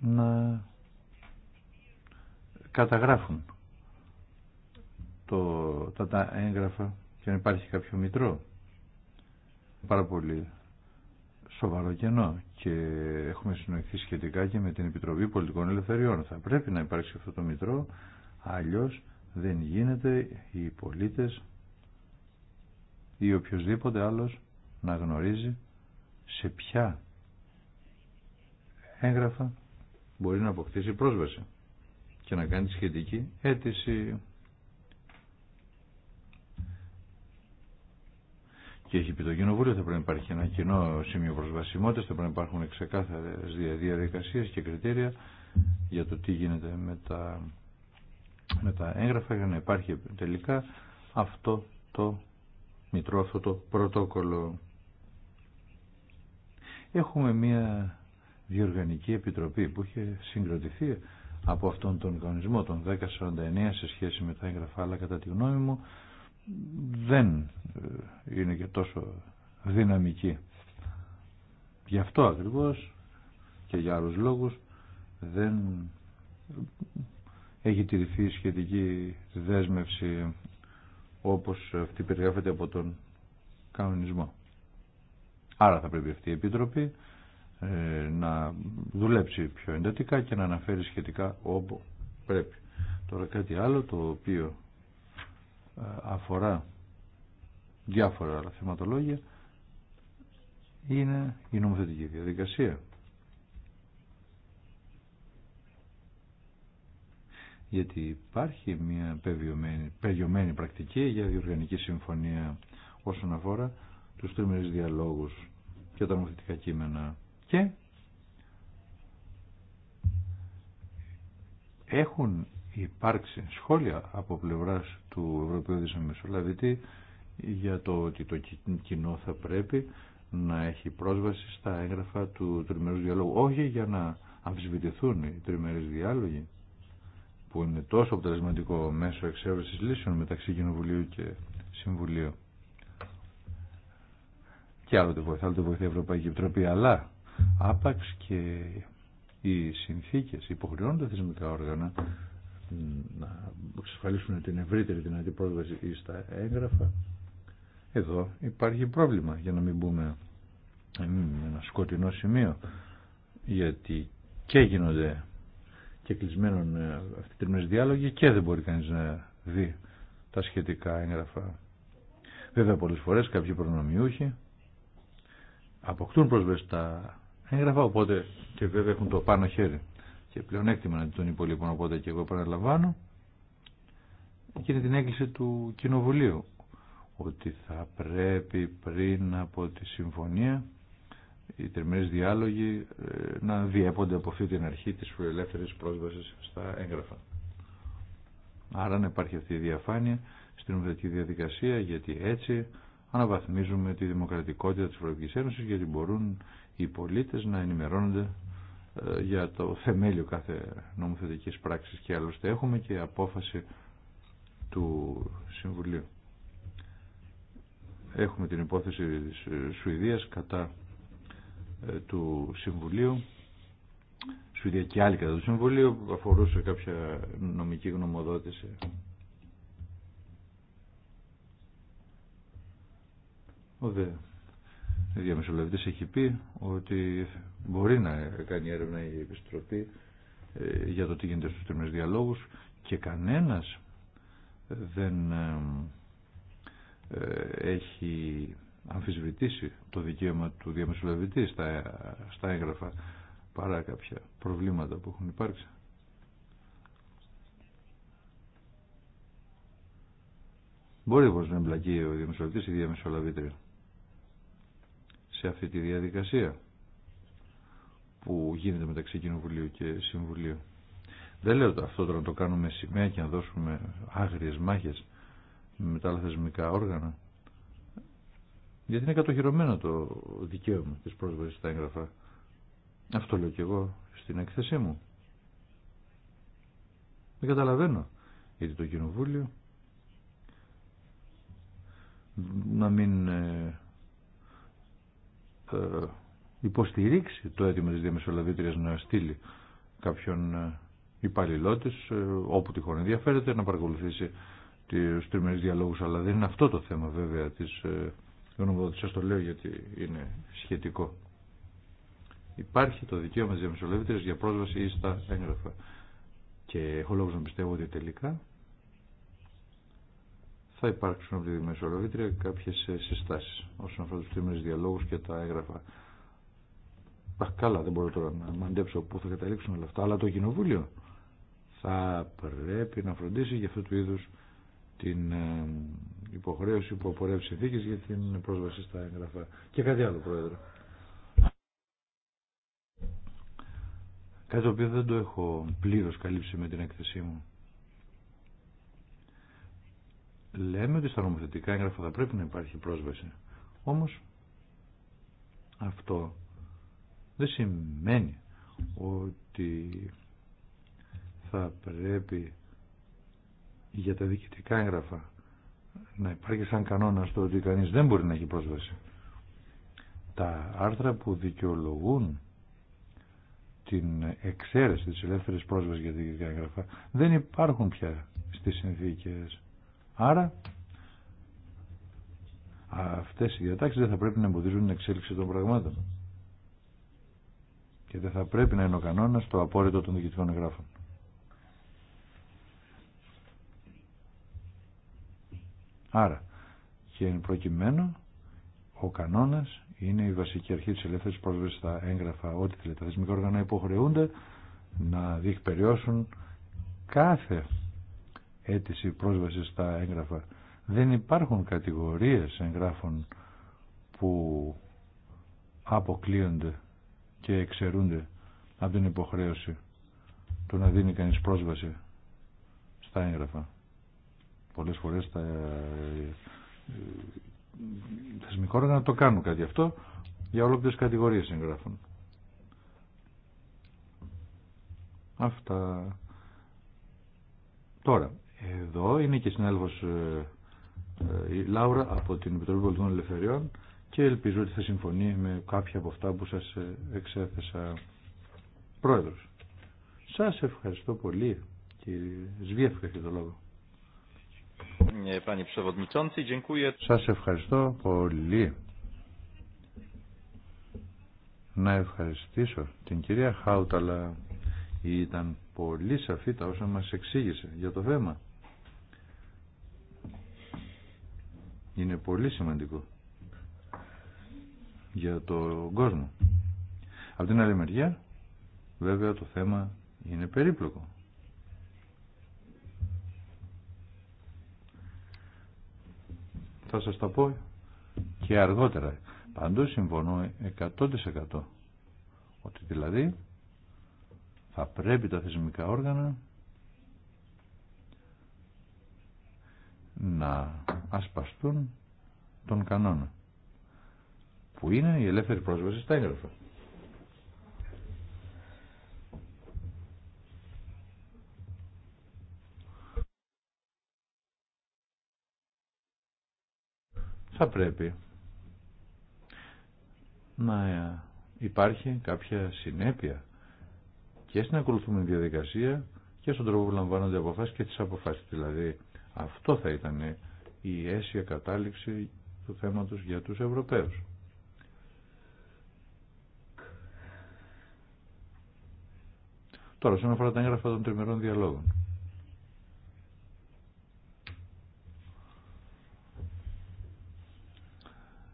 να καταγράφουν το, τα, τα έγγραφα και αν υπάρχει κάποιο μητρό. Πάρα πολύ σοβαρό κενό και έχουμε συνοηθεί σχετικά και με την Επιτροπή Πολιτικών Ελευθεριών. Θα πρέπει να υπάρξει αυτό το μητρό, αλλιώς δεν γίνεται οι πολίτες ή οποιοδήποτε άλλος να γνωρίζει σε ποια έγγραφα μπορεί να αποκτήσει πρόσβαση και να κάνει σχετική αίτηση και έχει πει το Κοινοβούλιο, θα πρέπει να υπάρχει ένα κοινό σημείο προσβασιμότητας, θα πρέπει να υπάρχουν ξεκάθαρες διαδικασίες και κριτήρια για το τι γίνεται με τα, με τα έγγραφα για να υπάρχει τελικά αυτό το μητρό, αυτό το πρωτόκολλο. Έχουμε μία διοργανική επιτροπή που είχε συγκροτηθεί από αυτόν τον οργανισμό τον 1049 σε σχέση με τα έγγραφα, αλλά κατά τη γνώμη μου δεν ε, είναι και τόσο δυναμική. Γι' αυτό ακριβώς και για άλλους λόγους δεν έχει τηρηθεί σχετική δέσμευση όπως αυτή περιγράφεται από τον κανονισμό. Άρα θα πρέπει αυτή η Επιτροπή ε, να δουλέψει πιο εντατικά και να αναφέρει σχετικά όπου πρέπει. Τώρα κάτι άλλο το οποίο ε, αφορά διάφορα άλλα θεματολόγια είναι η νομοθετική διαδικασία. Γιατί υπάρχει μια περιομένη πρακτική για διοργανική συμφωνία όσον αφορά τους τρίμερες διαλόγους και τα νομοθετικά κείμενα και έχουν υπάρξει σχόλια από πλευράς του Ευρωπαίου Δησομεσολαβητή για το ότι το κοινό θα πρέπει να έχει πρόσβαση στα έγγραφα του τριμερούς διαλόγου. Όχι για να αμφισβητηθούν οι τριμερείς διάλογοι που είναι τόσο αποτελεσματικό μέσο εξέβρεσης λύσεων μεταξύ Κοινοβουλίου και Συμβουλίου. Και άλλοτε βοηθά, άλλοτε βοηθά η Ευρωπαϊκή Επιτροπή, αλλά άπαξ και οι συνθήκες υποχρεώνουν τα θεσμικά όργανα να εξασφαλίσουν την ευρύτερη δυνατή πρόσβαση στα έγγραφα. Εδώ υπάρχει πρόβλημα για να μην μπούμε ένα σκοτεινό σημείο γιατί και γίνονται και κλεισμένων ε, αυτοί οι διάλογοι και δεν μπορεί κανείς να δει τα σχετικά έγγραφα. Βέβαια πολλές φορές κάποιοι προνομιούχοι αποκτούν πρόσβαση στα έγγραφα οπότε και βέβαια έχουν το πάνω χέρι και πλεονέκτημα των υπολείπων. Οπότε και εγώ παραλαμβάνω και την έκκληση του Κοινοβουλίου ότι θα πρέπει πριν από τη συμφωνία οι τριμμένες διάλογοι ε, να διέπονται από αυτή την αρχή της φιλελεύθερης πρόσβασης στα έγγραφα. Άρα να υπάρχει αυτή η διαφάνεια στην ουδετική διαδικασία γιατί έτσι αναβαθμίζουμε τη δημοκρατικότητα της Ευρωπαϊκής Ένωσης γιατί μπορούν οι πολίτες να ενημερώνονται ε, για το θεμέλιο κάθε νομοθετικής πράξης και άλλωστε έχουμε και απόφαση του Συμβουλίου. Έχουμε την υπόθεση της ε, Σουηδίας κατά ε, του Συμβουλίου Σουηδία και άλλη κατά του Συμβουλίου αφορούσε κάποια νομική γνωμοδότηση Ο δε διαμεσολαβητής έχει πει ότι Μπορεί να κάνει έρευνα η επιστροφή ε, για το τι γίνεται στους τριμμένους διαλόγους και κανένας ε, δεν ε, έχει αμφισβητήσει το δικαίωμα του διαμεσολαβητή στα, στα έγγραφα παρά κάποια προβλήματα που έχουν υπάρξει. Μπορεί όμως να εμπλακεί ο διαμεσολαβητής ή η διαμεσολαβήτρια σε αυτή τη διαδικασία που γίνεται μεταξύ Κοινοβουλίου και Συμβουλίου. Δεν λέω αυτό τώρα να το κάνουμε σημαία και να δώσουμε άγριες μάχες με τα άλλα θεσμικά όργανα. Γιατί είναι κατοχυρωμένο το δικαίωμα της πρόσβασης στα έγγραφα. Αυτό λέω και εγώ στην έκθεσή μου. Δεν καταλαβαίνω. Γιατί το Κοινοβούλιο να μην ε, υποστηρίξει το αίτημα της διαμεσολαβήτριας να στείλει κάποιον ε, υπαλληλό τη, ε, όπου τυχόν ενδιαφέρεται, να παρακολουθήσει τους τριμερείς διαλόγους, αλλά δεν είναι αυτό το θέμα βέβαια της γνωμοδότησης, ε, το λέω γιατί είναι σχετικό. Υπάρχει το δικαίωμα της διαμεσολαβήτριας για πρόσβαση ή στα έγγραφα. Και έχω λόγους να πιστεύω ότι τελικά θα υπάρξουν από τη διαμεσολαβήτρια κάποιες συστάσεις όσον αφορά τους τριμερείς διαλόγους και τα έγγραφα καλά δεν μπορώ τώρα να μαντέψω πού θα καταλήξουν όλα αυτά αλλά το κοινοβούλιο θα πρέπει να φροντίσει για αυτού του είδους την ε, υποχρέωση που απορρεύει φροντισει για αυτου του είδου την υποχρεωση που απορρευει συνθηκε για την πρόσβαση στα έγγραφα. Και κάτι άλλο, Πρόεδρε. Κάτι το οποίο δεν το έχω πλήρω καλύψει με την έκθεσή μου. Λέμε ότι στα νομοθετικά έγγραφα θα πρέπει να υπάρχει πρόσβαση. Όμως αυτό δεν σημαίνει ότι θα πρέπει για τα διοικητικά έγγραφα να υπάρχει σαν κανόνα στο ότι κανείς δεν μπορεί να έχει πρόσβαση. Τα άρθρα που δικαιολογούν την εξαίρεση της ελεύθερης πρόσβασης για τα διοικητικά έγγραφα δεν υπάρχουν πια στις συνθήκες. Άρα αυτές οι διατάξεις δεν θα πρέπει να εμποδίζουν την εξέλιξη των πραγμάτων. Και δεν θα πρέπει να είναι ο κανόνα το απόρριτο των διοικητικών εγγράφων. Άρα, και εν προκειμένου, ο κανόνα είναι η βασική αρχή τη ελεύθερη πρόσβαση στα έγγραφα. Ό,τι θέλετε. Τα θεσμικά όργανα υποχρεούνται να διεκπεριώσουν κάθε αίτηση πρόσβαση στα έγγραφα. Δεν υπάρχουν κατηγορίες εγγράφων που αποκλείονται και εξαιρούνται από την υποχρέωση του να δίνει κανείς πρόσβαση στα έγγραφα. Πολλές φορές τα ε, ε, θεσμικό όργανα το κάνουν κάτι αυτό για ολόκληρες κατηγορίες εγγράφων. Αυτά. Τώρα, εδώ είναι και συνάδελφος ε, η Λάουρα από την Επιτροπή Πολιτικών Ελευθεριών και ελπίζω ότι θα συμφωνεί με κάποια από αυτά που σας ε, εξέθεσα πρόεδρος. Σας ευχαριστώ πολύ και και το λόγο. Ε, σας ευχαριστώ πολύ. Να ευχαριστήσω την κυρία Χάουταλα. Ήταν πολύ σαφή τα όσα μας εξήγησε για το θέμα. Είναι πολύ σημαντικό για τον κόσμο. Από την άλλη μεριά, βέβαια το θέμα είναι περίπλοκο. Θα σας τα πω και αργότερα. Παντού συμφωνώ 100% ότι δηλαδή θα πρέπει τα θεσμικά όργανα να ασπαστούν τον κανόνα που είναι η ελεύθερη πρόσβαση στα έγγραφα. Θα πρέπει να υπάρχει κάποια συνέπεια και στην ακολουθούμενη διαδικασία και στον τρόπο που λαμβάνονται αποφάσεις και τις αποφάσεις. Δηλαδή αυτό θα ήταν η αίσια κατάληξη του θέματος για τους Ευρωπαίους. Τώρα, όσον αφορά τα έγγραφα των τριμερών διαλόγων.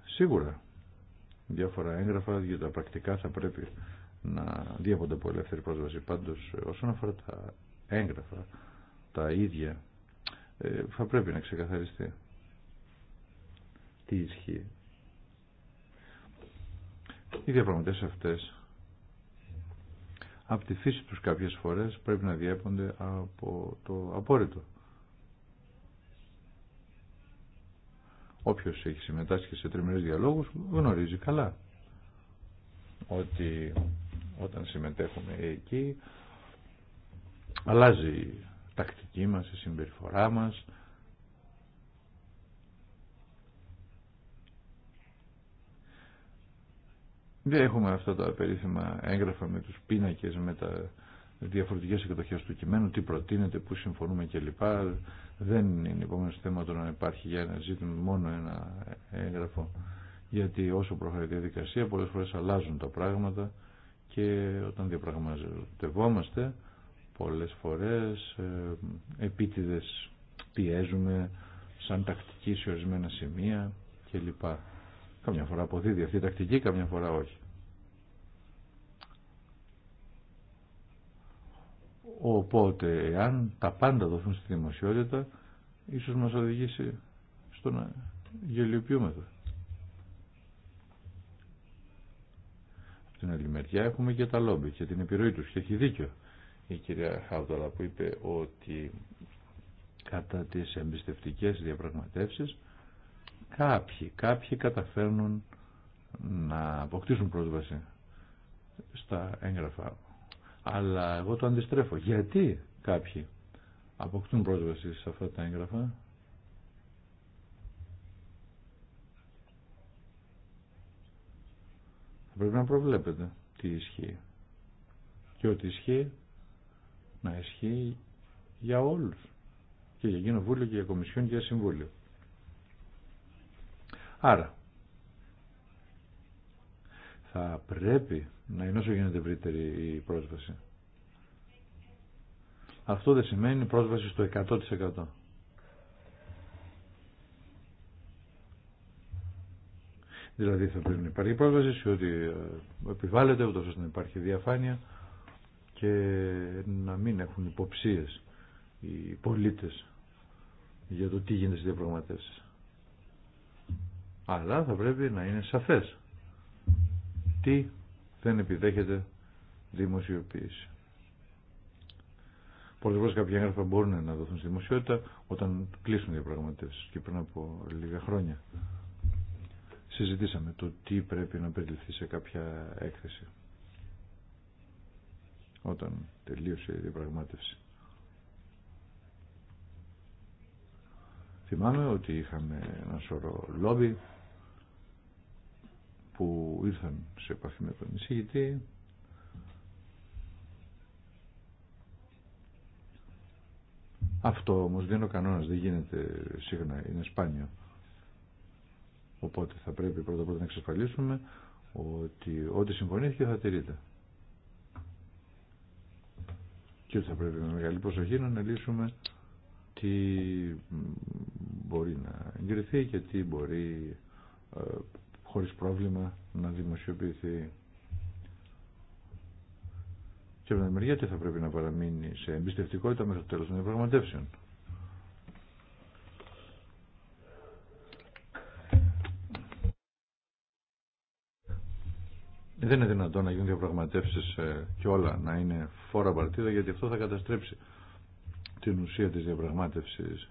Σίγουρα, διάφορα έγγραφα για τα πρακτικά θα πρέπει να διέπονται από ελεύθερη πρόσβαση. Πάντως, όσον αφορά τα έγγραφα, τα ίδια, ε, θα πρέπει να ξεκαθαριστεί τι ισχύει. Οι διαπραγματεύσει αυτές από τη φύση τους κάποιες φορές πρέπει να διέπονται από το απόρριτο. Όποιος έχει συμμετάσχει σε τριμερείς διαλόγους γνωρίζει καλά ότι όταν συμμετέχουμε εκεί αλλάζει η τακτική μας, η συμπεριφορά μας, Δεν έχουμε αυτά τα περίφημα έγγραφα με τους πίνακες, με τα διαφορετικές εκδοχές του κειμένου, τι προτείνεται, πού συμφωνούμε κλπ. Δεν είναι επόμενο θέμα το να υπάρχει για ένα ζήτημα μόνο ένα έγγραφο. Γιατί όσο προχωρεί η διαδικασία, πολλές φορές αλλάζουν τα πράγματα και όταν διαπραγματευόμαστε, πολλές φορές ε, επίτηδες πιέζουμε σαν τακτική σε ορισμένα σημεία κλπ. Καμιά φορά αποδίδει αυτή η τακτική, καμιά φορά όχι. Οπότε, εάν τα πάντα δοθούν στη δημοσιότητα, ίσως μας οδηγήσει στο να γελιοποιούμεθα. Από την άλλη μεριά έχουμε και τα λόμπι και την επιρροή τους και έχει δίκιο η κυρία Χάουταλα που είπε ότι κατά τις εμπιστευτικές διαπραγματεύσεις Κάποιοι, κάποιοι καταφέρνουν να αποκτήσουν πρόσβαση στα έγγραφα. Αλλά εγώ το αντιστρέφω. Γιατί κάποιοι αποκτούν πρόσβαση σε αυτά τα έγγραφα. πρέπει να προβλέπετε τι ισχύει. Και ό,τι ισχύει να ισχύει για όλους. Και για Κοινοβούλιο και για Κομισιόν και για Συμβούλιο. Άρα, θα πρέπει να είναι όσο γίνεται ευρύτερη η πρόσβαση. Αυτό δεν σημαίνει πρόσβαση στο 100%. Δηλαδή θα πρέπει να υπάρχει πρόσβαση σε ό,τι ε, επιβάλλεται, ούτως ώστε να υπάρχει διαφάνεια και να μην έχουν υποψίες οι πολίτες για το τι γίνεται στις διαπραγματεύσεις αλλά θα πρέπει να είναι σαφές τι δεν επιδέχεται δημοσιοποίηση. Πολλές φορές κάποια έγγραφα μπορούν να δοθούν στη δημοσιότητα όταν κλείσουν διαπραγματεύσεις και πριν από λίγα χρόνια. Συζητήσαμε το τι πρέπει να περιληφθεί σε κάποια έκθεση όταν τελείωσε η διαπραγμάτευση. Θυμάμαι ότι είχαμε ένα σωρό λόμπι που ήρθαν σε επαφή με τον εισηγητή Αυτό όμως δεν είναι ο κανόνας, δεν γίνεται συχνά, είναι σπάνιο. Οπότε θα πρέπει πρώτα πρώτα να εξασφαλίσουμε ότι ό,τι συμφωνήθηκε θα τηρείται. Και ότι θα πρέπει με μεγάλη προσοχή να αναλύσουμε τι μπορεί να εγκριθεί και τι μπορεί ε, χωρίς πρόβλημα να δημοσιοποιηθεί. Και από την μεριά τι θα πρέπει να παραμείνει σε εμπιστευτικότητα μέχρι το τέλος των διαπραγματεύσεων. Δεν είναι δυνατόν να γίνουν διαπραγματεύσει ε, και όλα να είναι φόρα παρτίδα γιατί αυτό θα καταστρέψει την ουσία της διαπραγμάτευσης.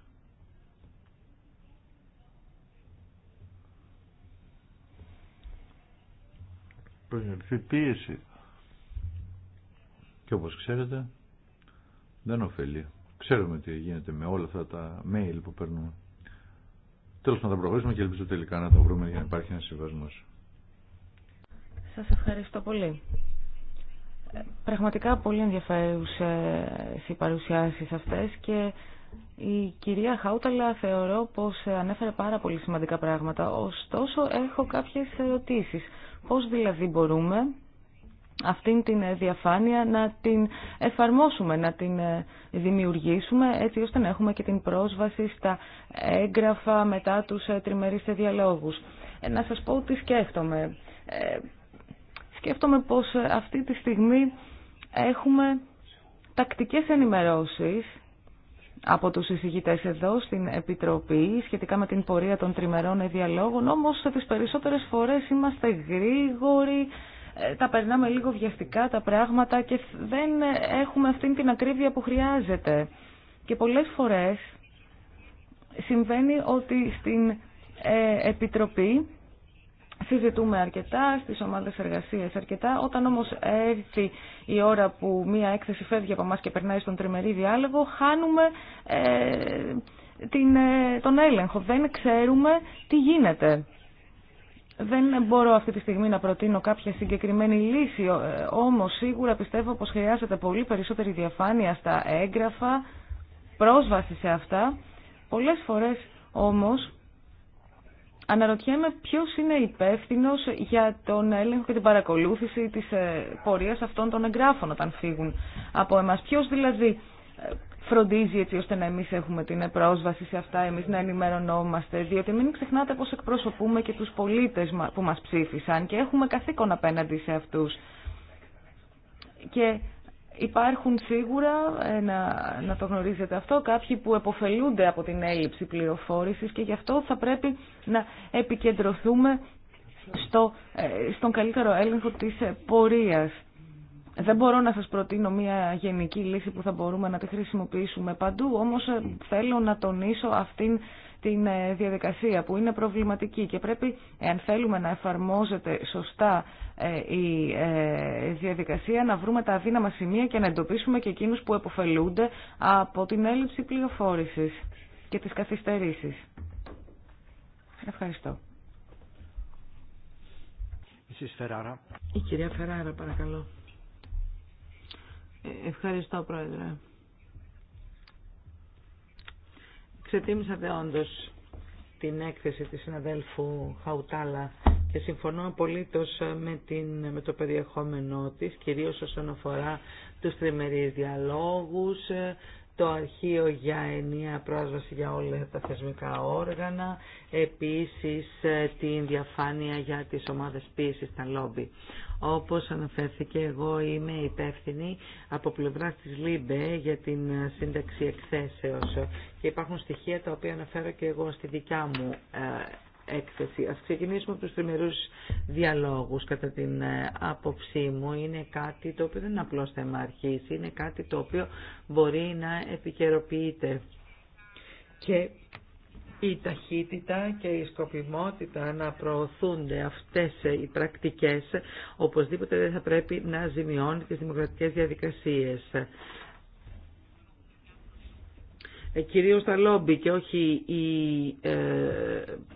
προσευχή πίεση και όπως ξέρετε δεν ωφελεί. Ξέρουμε τι γίνεται με όλα αυτά τα mail που παίρνουμε. Τέλος να τα προχωρήσουμε και ελπίζω τελικά να το βρούμε για να υπάρχει ένα συμβασμός. Σας ευχαριστώ πολύ. Ε, πραγματικά πολύ ενδιαφέρουσες ε, οι παρουσιάσεις αυτές και η κυρία Χάουταλα θεωρώ πως ανέφερε πάρα πολύ σημαντικά πράγματα, ωστόσο έχω κάποιες ερωτήσεις. Πώς δηλαδή μπορούμε αυτήν την διαφάνεια να την εφαρμόσουμε, να την ε, δημιουργήσουμε έτσι ώστε να έχουμε και την πρόσβαση στα έγγραφα μετά τους ε, τριμερείς διαλόγους. Ε, να σας πω ότι σκέφτομαι. Σκέφτομαι πως αυτή τη στιγμή έχουμε τακτικές ενημερώσεις από τους εισηγητές εδώ στην Επιτροπή σχετικά με την πορεία των τριμερών διαλόγων, όμως τις περισσότερες φορές είμαστε γρήγοροι, ε, τα περνάμε λίγο βιαστικά τα πράγματα και δεν έχουμε αυτή την ακρίβεια που χρειάζεται. Και πολλές φορές συμβαίνει ότι στην ε, Επιτροπή συζητούμε αρκετά, στις ομάδες εργασίας αρκετά. Όταν όμως έρθει η ώρα που μία έκθεση φεύγει από εμά και περνάει στον τριμερή διάλογο, χάνουμε ε, την, ε, τον έλεγχο. Δεν ξέρουμε τι γίνεται. Δεν μπορώ αυτή τη στιγμή να προτείνω κάποια συγκεκριμένη λύση, ε, όμως σίγουρα πιστεύω πως χρειάζεται πολύ περισσότερη διαφάνεια στα έγγραφα, πρόσβαση σε αυτά. Πολλές φορές όμως Αναρωτιέμαι ποιο είναι υπεύθυνο για τον έλεγχο και την παρακολούθηση της ε, πορεία αυτών των εγγράφων όταν φύγουν από εμάς. Ποιο δηλαδή ε, φροντίζει έτσι ώστε να εμείς έχουμε την πρόσβαση σε αυτά, εμείς να ενημερωνόμαστε, διότι μην ξεχνάτε πως εκπροσωπούμε και τους πολίτες που μας ψήφισαν και έχουμε καθήκον απέναντι σε αυτού. Και Υπάρχουν σίγουρα, ε, να, να το γνωρίζετε αυτό, κάποιοι που εποφελούνται από την έλλειψη πληροφόρησης και γι' αυτό θα πρέπει να επικεντρωθούμε στο, ε, στον καλύτερο έλεγχο της ε, πορείας. Δεν μπορώ να σας προτείνω μια γενική λύση που θα μπορούμε να τη χρησιμοποιήσουμε παντού, όμως θέλω να τονίσω αυτήν την ε, διαδικασία που είναι προβληματική και πρέπει, εάν θέλουμε να εφαρμόζεται σωστά ε, η ε, διαδικασία, να βρούμε τα αδύναμα σημεία και να εντοπίσουμε και εκείνους που επωφελούνται από την έλλειψη πληροφόρησης και τις καθυστερήσεις. Ευχαριστώ. Εσείς Φεράρα. Η κυρία Φεράρα παρακαλώ. Ευχαριστώ Πρόεδρε. Ξετίμησατε όντω την έκθεση της συναδέλφου Χαουτάλα και συμφωνώ απολύτως με, την, με το περιεχόμενό της, κυρίως όσον αφορά τους τριμερείς διαλόγους, το αρχείο για ενία πρόσβαση για όλα τα θεσμικά όργανα, επίσης ε, την διαφάνεια για τις ομάδες πίεσης στα λόμπι. Όπως αναφέρθηκε εγώ είμαι υπεύθυνη από πλευράς της ΛΥΜΠΕ για την ε, σύνταξη εκθέσεως και υπάρχουν στοιχεία τα οποία αναφέρω και εγώ στη δικιά μου ε, έκθεση. Ας ξεκινήσουμε από τους τριμερούς διαλόγους. Κατά την ε, άποψή μου είναι κάτι το οποίο δεν είναι απλώς θέμα αρχής, είναι κάτι το οποίο μπορεί να επικαιροποιείται. Και η ταχύτητα και η σκοπιμότητα να προωθούνται αυτές ε, οι πρακτικές, οπωσδήποτε δεν θα πρέπει να ζημιώνει τις δημοκρατικές διαδικασίες. Ε, κυρίως τα λόμπι και όχι οι ε,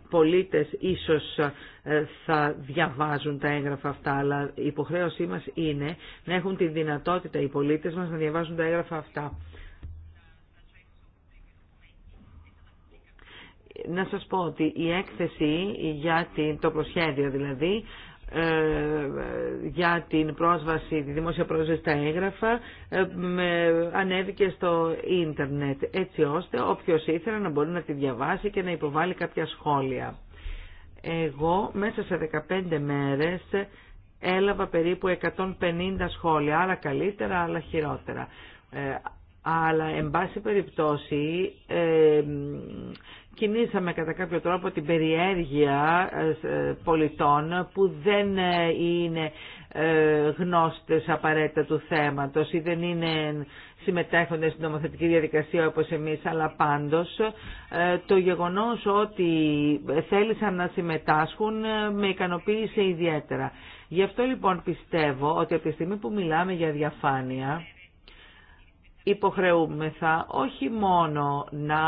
πολίτες ίσως ε, θα διαβάζουν τα έγγραφα αυτά, αλλά η υποχρέωσή μας είναι να έχουν τη δυνατότητα οι πολίτες μας να διαβάζουν τα έγγραφα αυτά. Να σας πω ότι η έκθεση για το προσχέδιο δηλαδή ε, για την πρόσβαση, τη δημόσια πρόσβαση στα έγγραφα ε, ανέβηκε στο ίντερνετ έτσι ώστε όποιος ήθελε να μπορεί να τη διαβάσει και να υποβάλει κάποια σχόλια. Εγώ μέσα σε 15 μέρες έλαβα περίπου 150 σχόλια, άλλα καλύτερα, άλλα χειρότερα. Ε, αλλά εν πάση περιπτώσει κινήσαμε κατά κάποιο τρόπο την περιέργεια ε, ε, πολιτών που δεν ε, είναι γνώστες απαραίτητα του θέματος ή δεν είναι συμμετέχοντες στην νομοθετική διαδικασία όπως εμείς, αλλά πάντως το γεγονός ότι θέλησαν να συμμετάσχουν με ικανοποίησε ιδιαίτερα. Γι' αυτό λοιπόν πιστεύω ότι από τη στιγμή που μιλάμε για διαφάνεια υποχρεούμεθα όχι μόνο να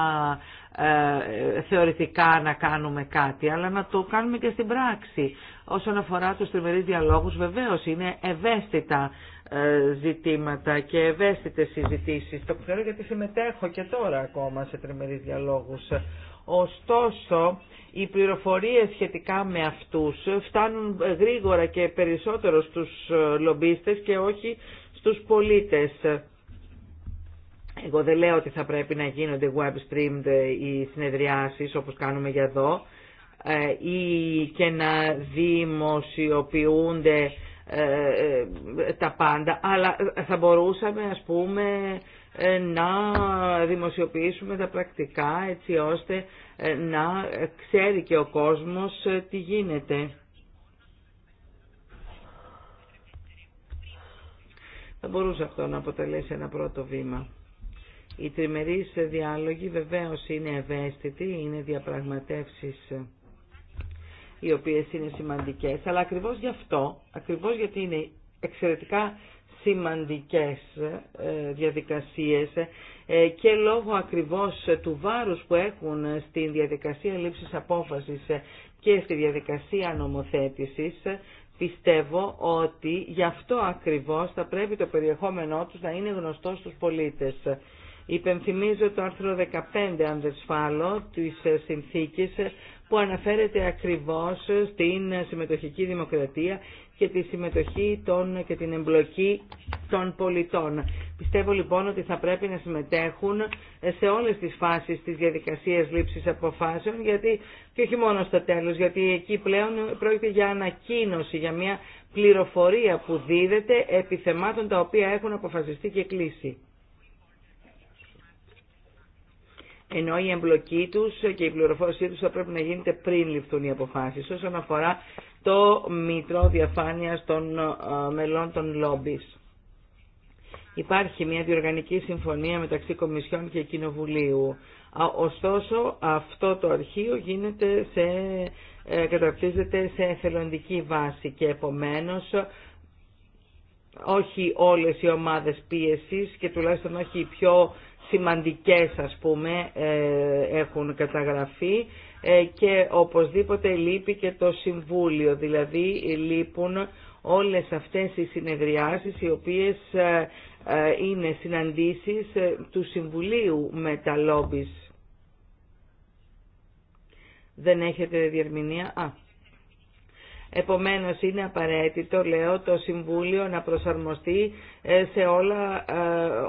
ε, θεωρητικά να κάνουμε κάτι, αλλά να το κάνουμε και στην πράξη. Όσον αφορά τους τριμερείς διαλόγους, βεβαίως είναι ευαίσθητα ε, ζητήματα και ευαίσθητες συζητήσεις. Το ξέρω γιατί συμμετέχω και τώρα ακόμα σε τριμερείς διαλόγους. Ωστόσο, οι πληροφορίες σχετικά με αυτούς φτάνουν ε, γρήγορα και περισσότερο στους λομπίστες και όχι στους πολίτες. Εγώ δεν λέω ότι θα πρέπει να γίνονται web streamed οι συνεδριάσεις όπως κάνουμε για εδώ ε, ή και να δημοσιοποιούνται ε, ε, τα πάντα, αλλά θα μπορούσαμε ας πούμε να δημοσιοποιήσουμε τα πρακτικά έτσι ώστε να ξέρει και ο κόσμος τι γίνεται. Θα μπορούσε αυτό να αποτελέσει ένα πρώτο βήμα. Οι τριμερείς διάλογοι βεβαίως είναι ευαίσθητοι, είναι διαπραγματεύσεις οι οποίες είναι σημαντικές, αλλά ακριβώς γι' αυτό, ακριβώς γιατί είναι εξαιρετικά σημαντικές ε, διαδικασίες ε, και λόγω ακριβώς του βάρους που έχουν στη διαδικασία λήψης απόφασης ε, και στη διαδικασία νομοθέτησης, πιστεύω ότι γι' αυτό ακριβώς θα πρέπει το περιεχόμενό τους να είναι γνωστό στους πολίτες. Υπενθυμίζω το άρθρο 15, αν δεν σφάλω, της ε, συνθήκης ε, που αναφέρεται ακριβώς στην ε, συμμετοχική δημοκρατία και τη συμμετοχή των, και την εμπλοκή των πολιτών. Πιστεύω λοιπόν ότι θα πρέπει να συμμετέχουν σε όλες τις φάσεις της διαδικασίας λήψης αποφάσεων γιατί, και όχι μόνο στο τέλος, γιατί εκεί πλέον πρόκειται για ανακοίνωση, για μια πληροφορία που δίδεται επί θεμάτων τα οποία έχουν αποφασιστεί και κλείσει. ενώ η εμπλοκή του και η πληροφόρησή του θα πρέπει να γίνεται πριν ληφθούν οι αποφάσεις όσον αφορά το μητρό διαφάνειας των ε, μελών των λόμπι. Υπάρχει μια διοργανική συμφωνία μεταξύ Κομισιών και Κοινοβουλίου. Ωστόσο αυτό το αρχείο γίνεται σε, ε, καταρτίζεται σε εθελοντική βάση και επομένως όχι όλες οι ομάδες πίεσης και τουλάχιστον όχι οι πιο σημαντικές ας πούμε ε, έχουν καταγραφεί ε, και οπωσδήποτε λείπει και το Συμβούλιο, δηλαδή λείπουν όλες αυτές οι συνεδριάσεις οι οποίες ε, είναι συναντήσεις του Συμβουλίου με τα λόμπις. Δεν έχετε διερμηνία. Α, Επομένως είναι απαραίτητο, λέω, το Συμβούλιο να προσαρμοστεί ε, σε όλα ε,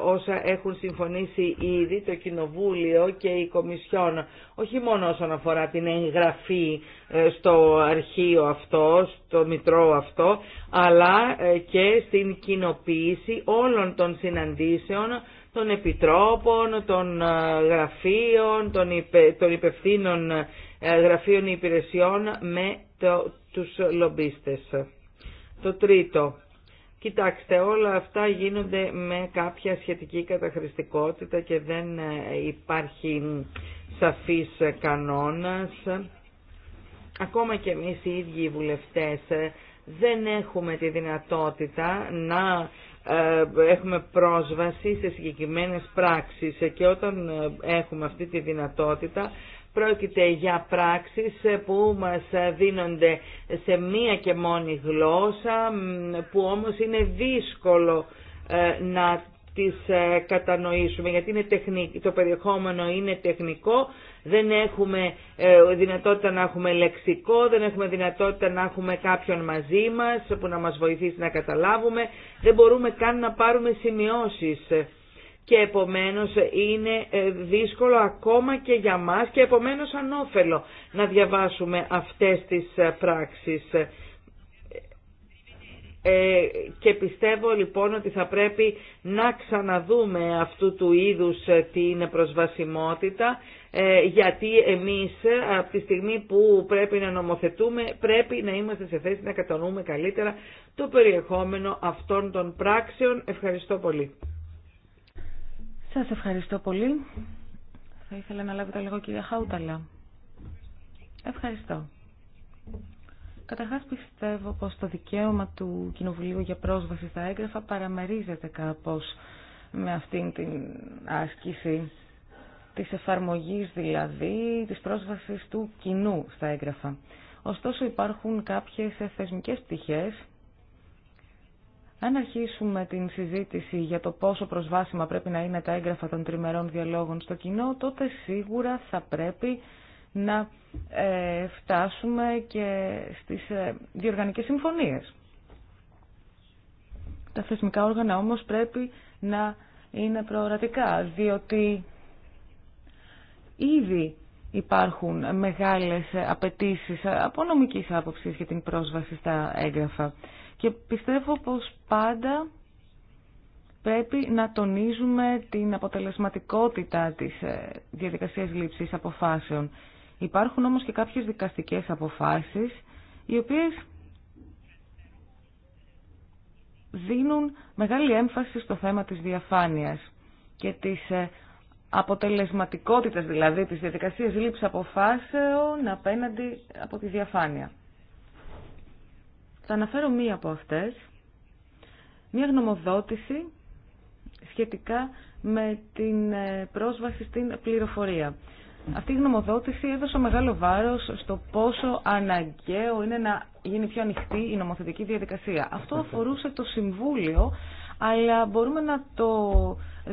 όσα έχουν συμφωνήσει ήδη το Κοινοβούλιο και η Κομισιόν. Όχι μόνο όσον αφορά την εγγραφή ε, στο αρχείο αυτό, στο μητρό αυτό, αλλά και στην κοινοποίηση όλων των συναντήσεων των επιτρόπων, των γραφείων, των υπευθύνων γραφείων υπηρεσιών με το, τους λομπίστες. Το τρίτο. Κοιτάξτε, όλα αυτά γίνονται με κάποια σχετική καταχρηστικότητα και δεν ε, υπάρχει σαφής κανόνας. Ακόμα και εμείς οι ίδιοι οι βουλευτές ε, δεν έχουμε τη δυνατότητα να ε, έχουμε πρόσβαση σε συγκεκριμένες πράξεις και όταν έχουμε αυτή τη δυνατότητα Πρόκειται για πράξεις που μας δίνονται σε μία και μόνη γλώσσα, που όμως είναι δύσκολο ε, να τις ε, κατανοήσουμε, γιατί είναι το περιεχόμενο είναι τεχνικό, δεν έχουμε ε, δυνατότητα να έχουμε λεξικό, δεν έχουμε δυνατότητα να έχουμε κάποιον μαζί μας που να μας βοηθήσει να καταλάβουμε, δεν μπορούμε καν να πάρουμε σημειώσεις και επομένως είναι ε, δύσκολο ακόμα και για μας και επομένως ανώφελο να διαβάσουμε αυτές τις ε, πράξεις. Ε, και πιστεύω λοιπόν ότι θα πρέπει να ξαναδούμε αυτού του είδους την προσβασιμότητα γιατί εμείς από τη στιγμή που πρέπει να νομοθετούμε πρέπει να είμαστε σε θέση να κατανοούμε καλύτερα το περιεχόμενο αυτών των πράξεων. Ευχαριστώ πολύ. Σας ευχαριστώ πολύ. Θα ήθελα να λάβετε λίγο κυρία Χάουταλα. Ευχαριστώ. Καταρχάς πιστεύω πως το δικαίωμα του Κοινοβουλίου για πρόσβαση στα έγγραφα παραμερίζεται κάπως με αυτήν την άσκηση της εφαρμογής δηλαδή της πρόσβασης του κοινού στα έγγραφα. Ωστόσο υπάρχουν κάποιες θεσμικές πτυχές αν αρχίσουμε την συζήτηση για το πόσο προσβάσιμα πρέπει να είναι τα έγγραφα των τριμερών διαλόγων στο κοινό, τότε σίγουρα θα πρέπει να ε, φτάσουμε και στις ε, διοργανικές συμφωνίες. Τα θεσμικά όργανα όμως πρέπει να είναι προορατικά, διότι ήδη υπάρχουν μεγάλες απαιτήσεις από νομικής άποψης για την πρόσβαση στα έγγραφα. Και πιστεύω πως πάντα πρέπει να τονίζουμε την αποτελεσματικότητα της ε, διαδικασίας λήψης αποφάσεων. Υπάρχουν όμως και κάποιες δικαστικές αποφάσεις, οι οποίες δίνουν μεγάλη έμφαση στο θέμα της διαφάνειας και της ε, αποτελεσματικότητας δηλαδή της διαδικασίας λήψης αποφάσεων απέναντι από τη διαφάνεια. Θα αναφέρω μία από αυτές, μία γνωμοδότηση σχετικά με την ε, πρόσβαση στην πληροφορία. Αυτή η γνωμοδότηση έδωσε μεγάλο βάρος στο πόσο αναγκαίο είναι να γίνει πιο ανοιχτή η νομοθετική διαδικασία. Αυτό αφορούσε το Συμβούλιο, αλλά μπορούμε να το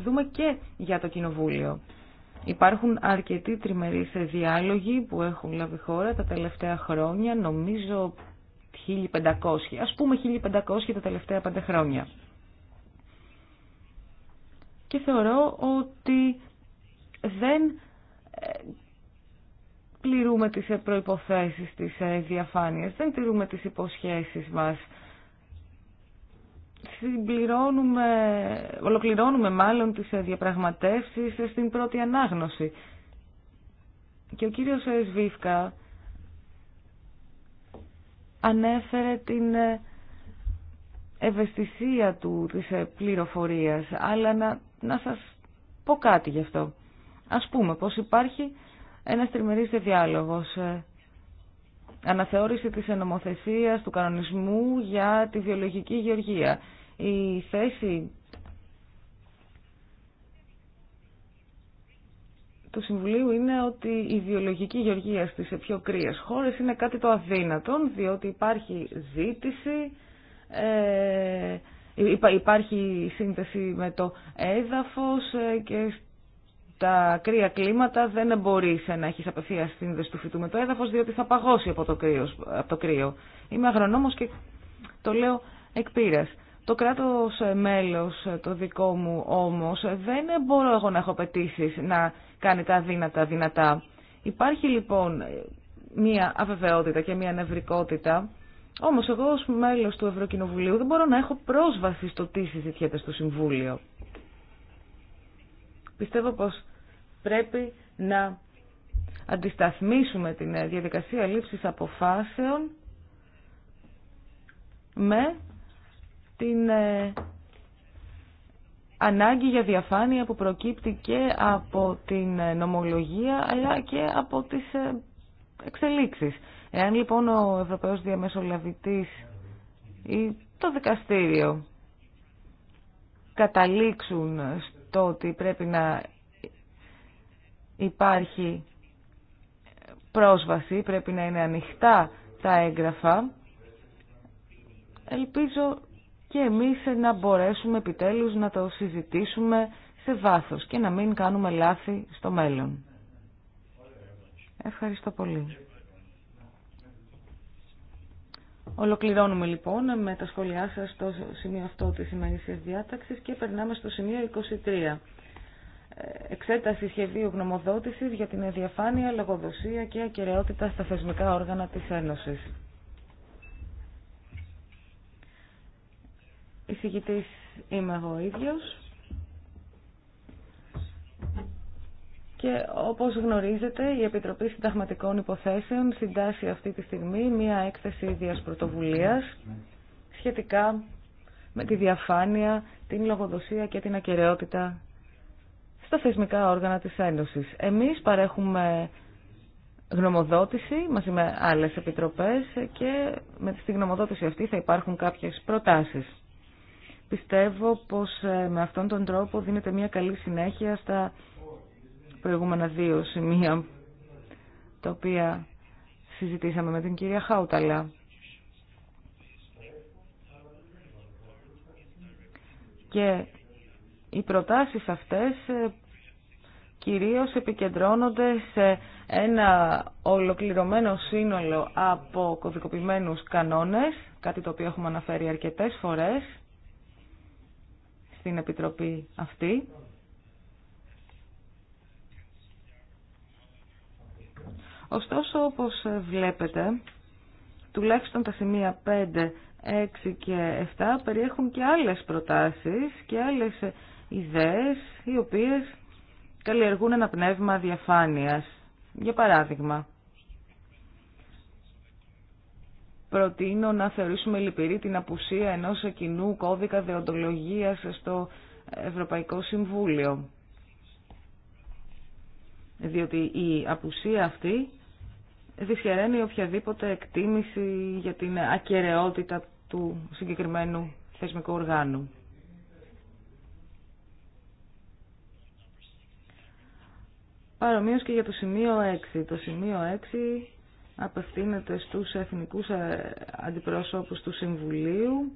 δούμε και για το Κοινοβούλιο. Υπάρχουν αρκετοί τριμερείς διάλογοι που έχουν λάβει χώρα τα τελευταία χρόνια. Νομίζω 1500, ας πούμε 1500 τα τελευταία πέντε χρόνια. Και θεωρώ ότι δεν ε, πληρούμε τις προϋποθέσεις της ε, διαφάνειας, δεν τηρούμε τις υποσχέσεις μας. Συμπληρώνουμε, ολοκληρώνουμε μάλλον τις ε, διαπραγματεύσεις στην πρώτη ανάγνωση. Και ο κύριος Σβίφκα ανέφερε την ε, ευαισθησία του της ε, πληροφορίας, αλλά να, να σας πω κάτι γι' αυτό. Ας πούμε πως υπάρχει ένας τριμερής διάλογος ε, αναθεώρηση της ενομοθεσίας, του κανονισμού για τη βιολογική γεωργία. Η θέση του Συμβουλίου είναι ότι η βιολογική γεωργία στις πιο κρύες χώρες είναι κάτι το αδύνατον, διότι υπάρχει ζήτηση, ε, υπάρχει σύνδεση με το έδαφος ε, και τα κρύα κλίματα δεν μπορεί να έχει απευθεία σύνδεση του φυτού με το έδαφος, διότι θα παγώσει από το κρύο. Από το κρύο. Είμαι αγρονόμος και το λέω εκ το κράτος μέλος το δικό μου όμως δεν μπορώ εγώ να έχω απαιτήσει να κάνει τα δύνατα δυνατά. Υπάρχει λοιπόν μία αβεβαιότητα και μία νευρικότητα. Όμως εγώ ως μέλος του Ευρωκοινοβουλίου δεν μπορώ να έχω πρόσβαση στο τι συζητιέται στο Συμβούλιο. Πιστεύω πως πρέπει να αντισταθμίσουμε την διαδικασία λήψης αποφάσεων με την ε, ανάγκη για διαφάνεια που προκύπτει και από την ε, νομολογία αλλά και από τις ε, εξελίξεις. Εάν λοιπόν ο Ευρωπαίος Διαμεσολαβητής ή το δικαστήριο καταλήξουν στο ότι πρέπει να υπάρχει πρόσβαση, πρέπει να είναι ανοιχτά τα έγγραφα, ελπίζω και εμείς να μπορέσουμε επιτέλους να το συζητήσουμε σε βάθος και να μην κάνουμε λάθη στο μέλλον. Ευχαριστώ πολύ. Ολοκληρώνουμε λοιπόν με τα σχόλιά σας στο σημείο αυτό της ημερήσιας διάταξης και περνάμε στο σημείο 23. Εξέταση σχεδίου γνωμοδότησης για την αδιαφάνεια, λογοδοσία και ακεραιότητα στα θεσμικά όργανα της Ένωσης. Εισηγητής είμαι εγώ ίδιος. Και όπως γνωρίζετε, η Επιτροπή Συνταγματικών Υποθέσεων συντάσσει αυτή τη στιγμή μία έκθεση ίδιας πρωτοβουλίας σχετικά με τη διαφάνεια, την λογοδοσία και την ακαιρεότητα στα θεσμικά όργανα της Ένωσης. Εμείς παρέχουμε γνωμοδότηση μαζί με άλλες επιτροπές και με τη γνωμοδότηση αυτή θα υπάρχουν κάποιες προτάσεις. Πιστεύω πως ε, με αυτόν τον τρόπο δίνεται μια καλή συνέχεια στα προηγούμενα δύο σημεία τα οποία συζητήσαμε με την κυρία Χάουταλα. Και οι προτάσεις αυτές ε, κυρίως επικεντρώνονται σε ένα ολοκληρωμένο σύνολο από κωδικοποιημένους κανόνες, κάτι το οποίο έχουμε αναφέρει αρκετές φορές, στην Επιτροπή αυτή. Ωστόσο, όπως βλέπετε, τουλάχιστον τα σημεία 5, 6 και 7 περιέχουν και άλλες προτάσεις και άλλες ιδέες οι οποίες καλλιεργούν ένα πνεύμα διαφάνειας. Για παράδειγμα, προτείνω να θεωρήσουμε λυπηρή την απουσία ενός κοινού κώδικα δεοντολογίας στο Ευρωπαϊκό Συμβούλιο. Διότι η απουσία αυτή δυσχεραίνει οποιαδήποτε εκτίμηση για την ακαιρεότητα του συγκεκριμένου θεσμικού οργάνου. Παρομοίως και για το σημείο 6. Το σημείο 6 απευθύνεται στους εθνικούς ε, αντιπροσώπους του Συμβουλίου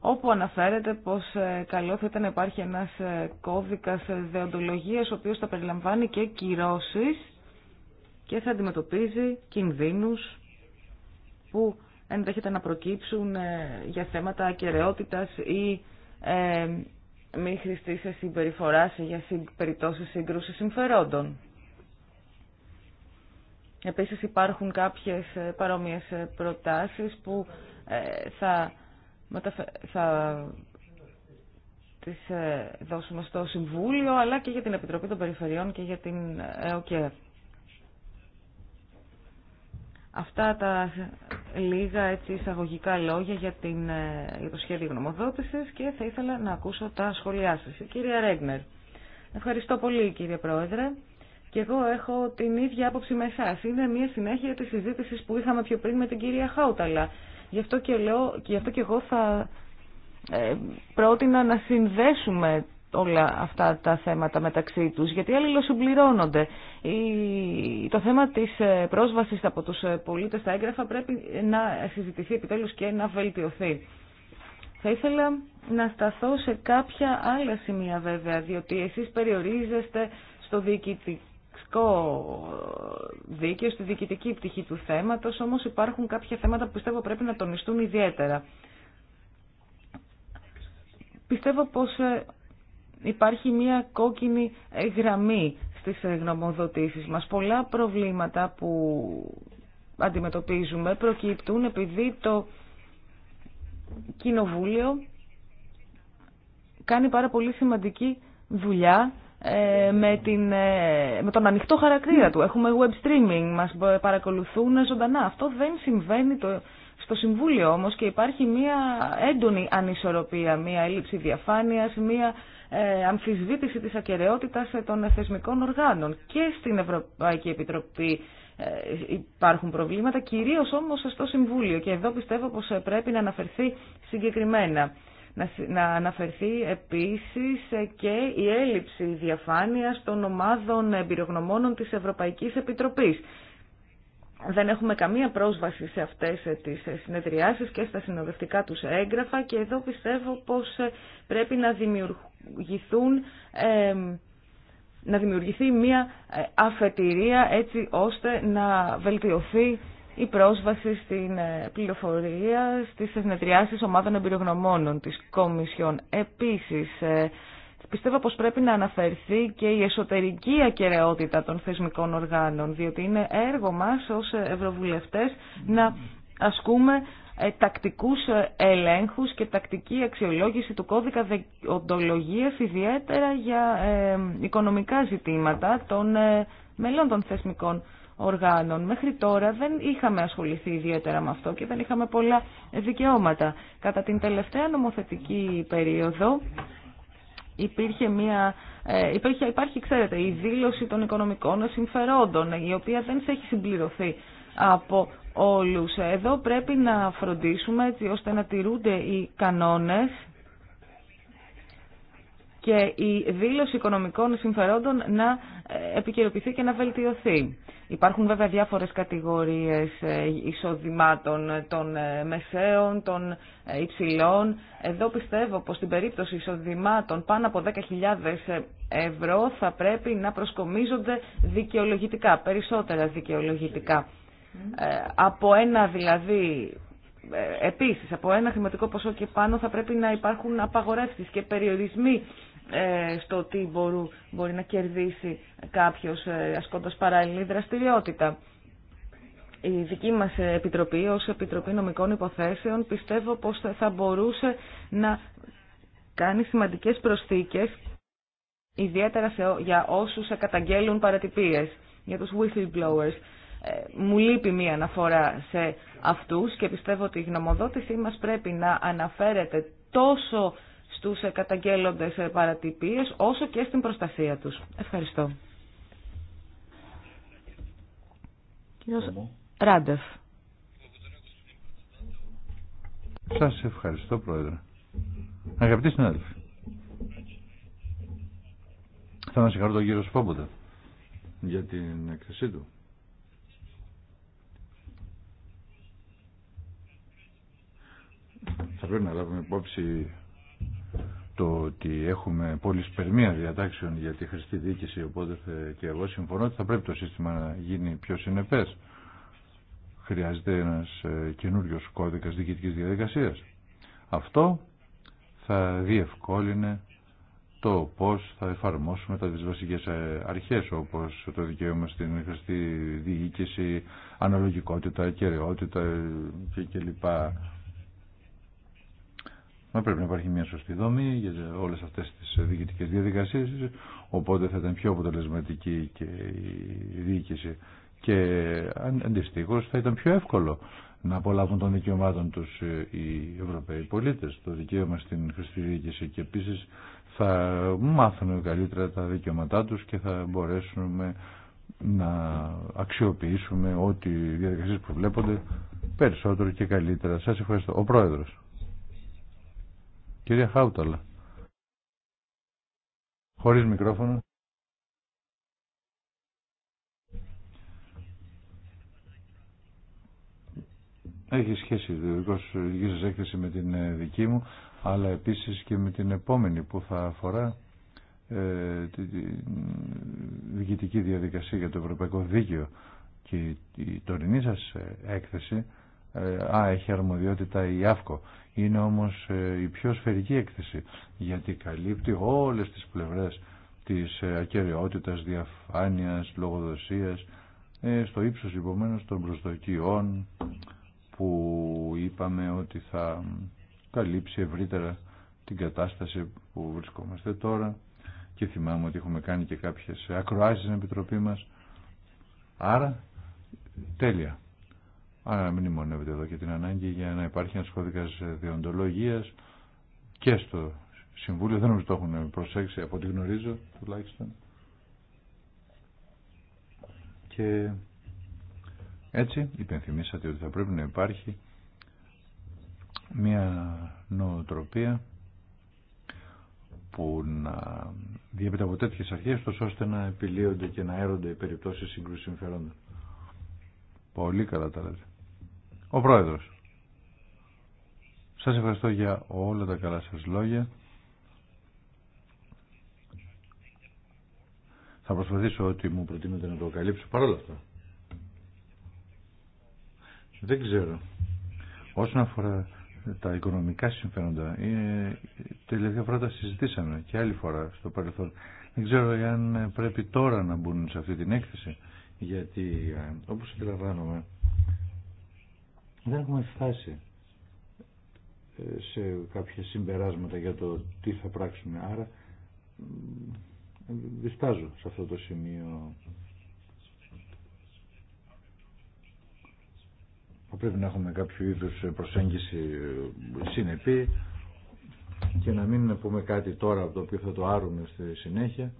όπου αναφέρεται πως ε, καλό θα ήταν να υπάρχει ένας ε, κώδικας δεοντολογίας ο οποίος θα περιλαμβάνει και κυρώσεις και θα αντιμετωπίζει κινδύνους που ενδέχεται να προκύψουν για θέματα ακαιρεότητας ή μη χρηστής συμπεριφορά για περιπτώσεις σύγκρουση συμφερόντων. Επίσης υπάρχουν κάποιες ε, παρόμοιες ε, προτάσεις που ε, θα, μεταφε... τις δώσουμε στο Συμβούλιο αλλά και για την Επιτροπή των Περιφερειών και για την ΕΟΚΕ. Αυτά τα λίγα έτσι εισαγωγικά λόγια για, την, για το σχέδιο γνωμοδότησης και θα ήθελα να ακούσω τα σχόλιά σας. Η κυρία Ρέγνερ. Ευχαριστώ πολύ κύριε Πρόεδρε. Και εγώ έχω την ίδια άποψη με εσά. Είναι μια συνέχεια τη συζήτηση που είχαμε πιο πριν με την κυρία Χάουταλα. Γι' αυτό και, γι αυτό και εγώ θα ε, πρότεινα να συνδέσουμε όλα αυτά τα θέματα μεταξύ τους, γιατί αλληλοσυμπληρώνονται. Η, το θέμα της ε, πρόσβασης από τους ε, πολίτες στα έγγραφα πρέπει να συζητηθεί επιτέλους και να βελτιωθεί. Θα ήθελα να σταθώ σε κάποια άλλα σημεία βέβαια, διότι εσείς περιορίζεστε στο διοικητικό αστικό δίκαιο, στη διοικητική πτυχή του θέματος, όμως υπάρχουν κάποια θέματα που πιστεύω πρέπει να τονιστούν ιδιαίτερα. Πιστεύω πως ε, υπάρχει μια κόκκινη ε, γραμμή στις ε, γνωμοδοτήσεις μας. Πολλά προβλήματα που αντιμετωπίζουμε προκύπτουν επειδή το Κοινοβούλιο κάνει πάρα πολύ σημαντική δουλειά ε, με, την, ε, με τον ανοιχτό χαρακτήρα ναι. του. Έχουμε web streaming, μας παρακολουθούν ζωντανά. Αυτό δεν συμβαίνει το, στο Συμβούλιο όμως και υπάρχει μία έντονη ανισορροπία, μία έλλειψη διαφάνειας, μία ε, αμφισβήτηση της ακαιρεότητας των θεσμικών οργάνων. Και στην Ευρωπαϊκή Επιτροπή υπάρχουν προβλήματα, κυρίως όμως στο Συμβούλιο. Και εδώ πιστεύω πως πρέπει να αναφερθεί συγκεκριμένα. Να αναφερθεί επίσης και η έλλειψη διαφάνειας των ομάδων εμπειρογνωμόνων της Ευρωπαϊκής Επιτροπής. Δεν έχουμε καμία πρόσβαση σε αυτές τις συνεδριάσεις και στα συνοδευτικά τους έγγραφα και εδώ πιστεύω πως πρέπει να δημιουργηθούν να δημιουργηθεί μια αφετηρία έτσι ώστε να βελτιωθεί η πρόσβαση στην ε, πληροφορία στις συνεδριάσεις ομάδων εμπειρογνωμόνων της Κομισιόν. Επίσης, ε, πιστεύω πως πρέπει να αναφερθεί και η εσωτερική ακεραιότητα των θεσμικών οργάνων, διότι είναι έργο μας ως ευρωβουλευτές να ασκούμε ε, τακτικούς ελέγχους και τακτική αξιολόγηση του κώδικα δεοντολογίας, ιδιαίτερα για οικονομικά ζητήματα των μελών των θεσμικών οργάνων. Μέχρι τώρα δεν είχαμε ασχοληθεί ιδιαίτερα με αυτό και δεν είχαμε πολλά δικαιώματα. Κατά την τελευταία νομοθετική περίοδο υπήρχε μια, ε, υπήρχε, υπάρχει, ξέρετε, η δήλωση των οικονομικών συμφερόντων, η οποία δεν έχει συμπληρωθεί από όλους. Εδώ πρέπει να φροντίσουμε έτσι ώστε να τηρούνται οι κανόνες και η δήλωση οικονομικών συμφερόντων να ε, επικαιροποιηθεί και να βελτιωθεί. Υπάρχουν βέβαια διάφορες κατηγορίες ε, εισοδημάτων των ε, μεσαίων, των υψηλών. Εδώ πιστεύω πως στην περίπτωση εισοδημάτων πάνω από 10.000 ευρώ θα πρέπει να προσκομίζονται δικαιολογητικά, περισσότερα δικαιολογητικά. Από ένα δηλαδή Επίσης, από ένα χρηματικό ποσό και πάνω θα πρέπει να υπάρχουν απαγορεύσεις και περιορισμοί ε, στο τι μπορού, μπορεί να κερδίσει κάποιος ε, ασκώντας παράλληλη δραστηριότητα. Η δική μας Επιτροπή ως Επιτροπή Νομικών Υποθέσεων πιστεύω πως θα μπορούσε να κάνει σημαντικές προσθήκες ιδιαίτερα για όσους καταγγέλουν παρατυπίες, για τους whistleblowers. Ε, μου λείπει μία αναφορά σε αυτούς και πιστεύω ότι η γνωμοδότησή μας πρέπει να αναφέρεται τόσο στους καταγγέλλοντες παρατυπίες όσο και στην προστασία τους. Ευχαριστώ. Κύριος Ράντεφ. Σας ευχαριστώ Πρόεδρε. Αγαπητοί συνάδελφοι. Θα να συγχαρώ τον κύριο Σπόμποτα για την έκθεσή του. Θα πρέπει να λάβουμε υπόψη το ότι έχουμε σπερμία διατάξεων για τη χρηστή διοίκηση, οπότε και εγώ συμφωνώ ότι θα πρέπει το σύστημα να γίνει πιο συνεπές. Χρειάζεται ένας ε, καινούριος κώδικας διοικητικής διαδικασίας. Αυτό θα διευκόλυνε το πώς θα εφαρμόσουμε τα δυσβασικέ αρχέ, ε, αρχές όπως το δικαίωμα στην χρηστή διοίκηση, αναλογικότητα, κεραιότητα ε, κλπ. Μα πρέπει να υπάρχει μια σωστή δομή για όλε αυτέ τι διοικητικέ διαδικασίε, οπότε θα ήταν πιο αποτελεσματική και η διοίκηση και αντιστοίχω θα ήταν πιο εύκολο να απολαύουν των δικαιωμάτων του ε, οι Ευρωπαίοι πολίτε, το δικαίωμα στην χρηστή διοίκηση και επίση θα μάθουν καλύτερα τα δικαιώματά του και θα μπορέσουμε να αξιοποιήσουμε ό,τι οι που προβλέπονται περισσότερο και καλύτερα. Σα ευχαριστώ. Ο Πρόεδρος. Κυρία Χάουταλα. Χωρίς μικρόφωνο. Έχει σχέση η δική σας έκθεση με την ε, δική μου, αλλά επίσης και με την επόμενη που θα αφορά ε, τη, διοικητική διαδικασία για το Ευρωπαϊκό Δίκαιο και η τωρινή σας ε, έκθεση ε, α, έχει αρμοδιότητα η ΑΦΚΟ. Είναι όμως ε, η πιο σφαιρική έκθεση γιατί καλύπτει όλες τις πλευρές της ε, ακαιρεότητα, διαφάνειας, λογοδοσίας στο ύψος υπομένως των προσδοκιών που είπαμε ότι θα καλύψει ευρύτερα την κατάσταση που βρισκόμαστε τώρα και θυμάμαι ότι έχουμε κάνει και κάποιες ακροάσεις στην Επιτροπή μας άρα τέλεια μην Άρα μονεύετε εδώ και την ανάγκη για να υπάρχει ένας κώδικας διοντολογίας και στο Συμβούλιο. Δεν νομίζω το έχουν προσέξει από ό,τι γνωρίζω τουλάχιστον. Και έτσι υπενθυμίσατε ότι θα πρέπει να υπάρχει μια νοοτροπία που να διέπεται από τέτοιε αρχέ ώστε να επιλύονται και να έρονται οι περιπτώσεις σύγκρουση συμφερόντων. Πολύ καλά τα λέτε. Ο Πρόεδρος. Σας ευχαριστώ για όλα τα καλά σας λόγια. Θα προσπαθήσω ότι μου προτείνετε να το καλύψω παρόλα αυτά. Δεν ξέρω. Όσον αφορά τα οικονομικά συμφέροντα, ε, τελευταία φορά τα συζητήσαμε και άλλη φορά στο παρελθόν. Δεν ξέρω αν πρέπει τώρα να μπουν σε αυτή την έκθεση, γιατί ε, όπως αντιλαμβάνομαι, δεν έχουμε φτάσει ε, σε κάποια συμπεράσματα για το τι θα πράξουμε. Άρα διστάζω σε αυτό το σημείο. Πρέπει να έχουμε κάποιο είδους προσέγγιση ε, συνεπή και να μην πούμε κάτι τώρα από το οποίο θα το άρουμε στη συνέχεια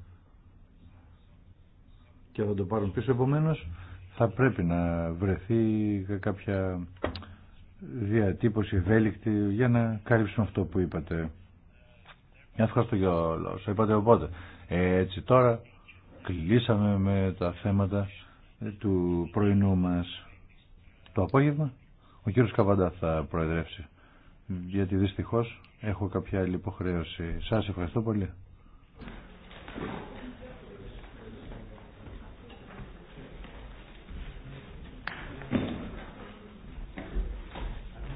και θα το πάρουν πίσω επομένως θα πρέπει να βρεθεί κάποια διατύπωση ευέλικτη για να καλύψουμε αυτό που είπατε. Ευχαριστώ για όλα όσα είπατε οπότε. Έτσι τώρα κλείσαμε με τα θέματα του πρωινού μας. Το απόγευμα ο κύριος Καβαντά θα προεδρεύσει. Γιατί δυστυχώς έχω κάποια άλλη υποχρέωση. Σας ευχαριστώ πολύ.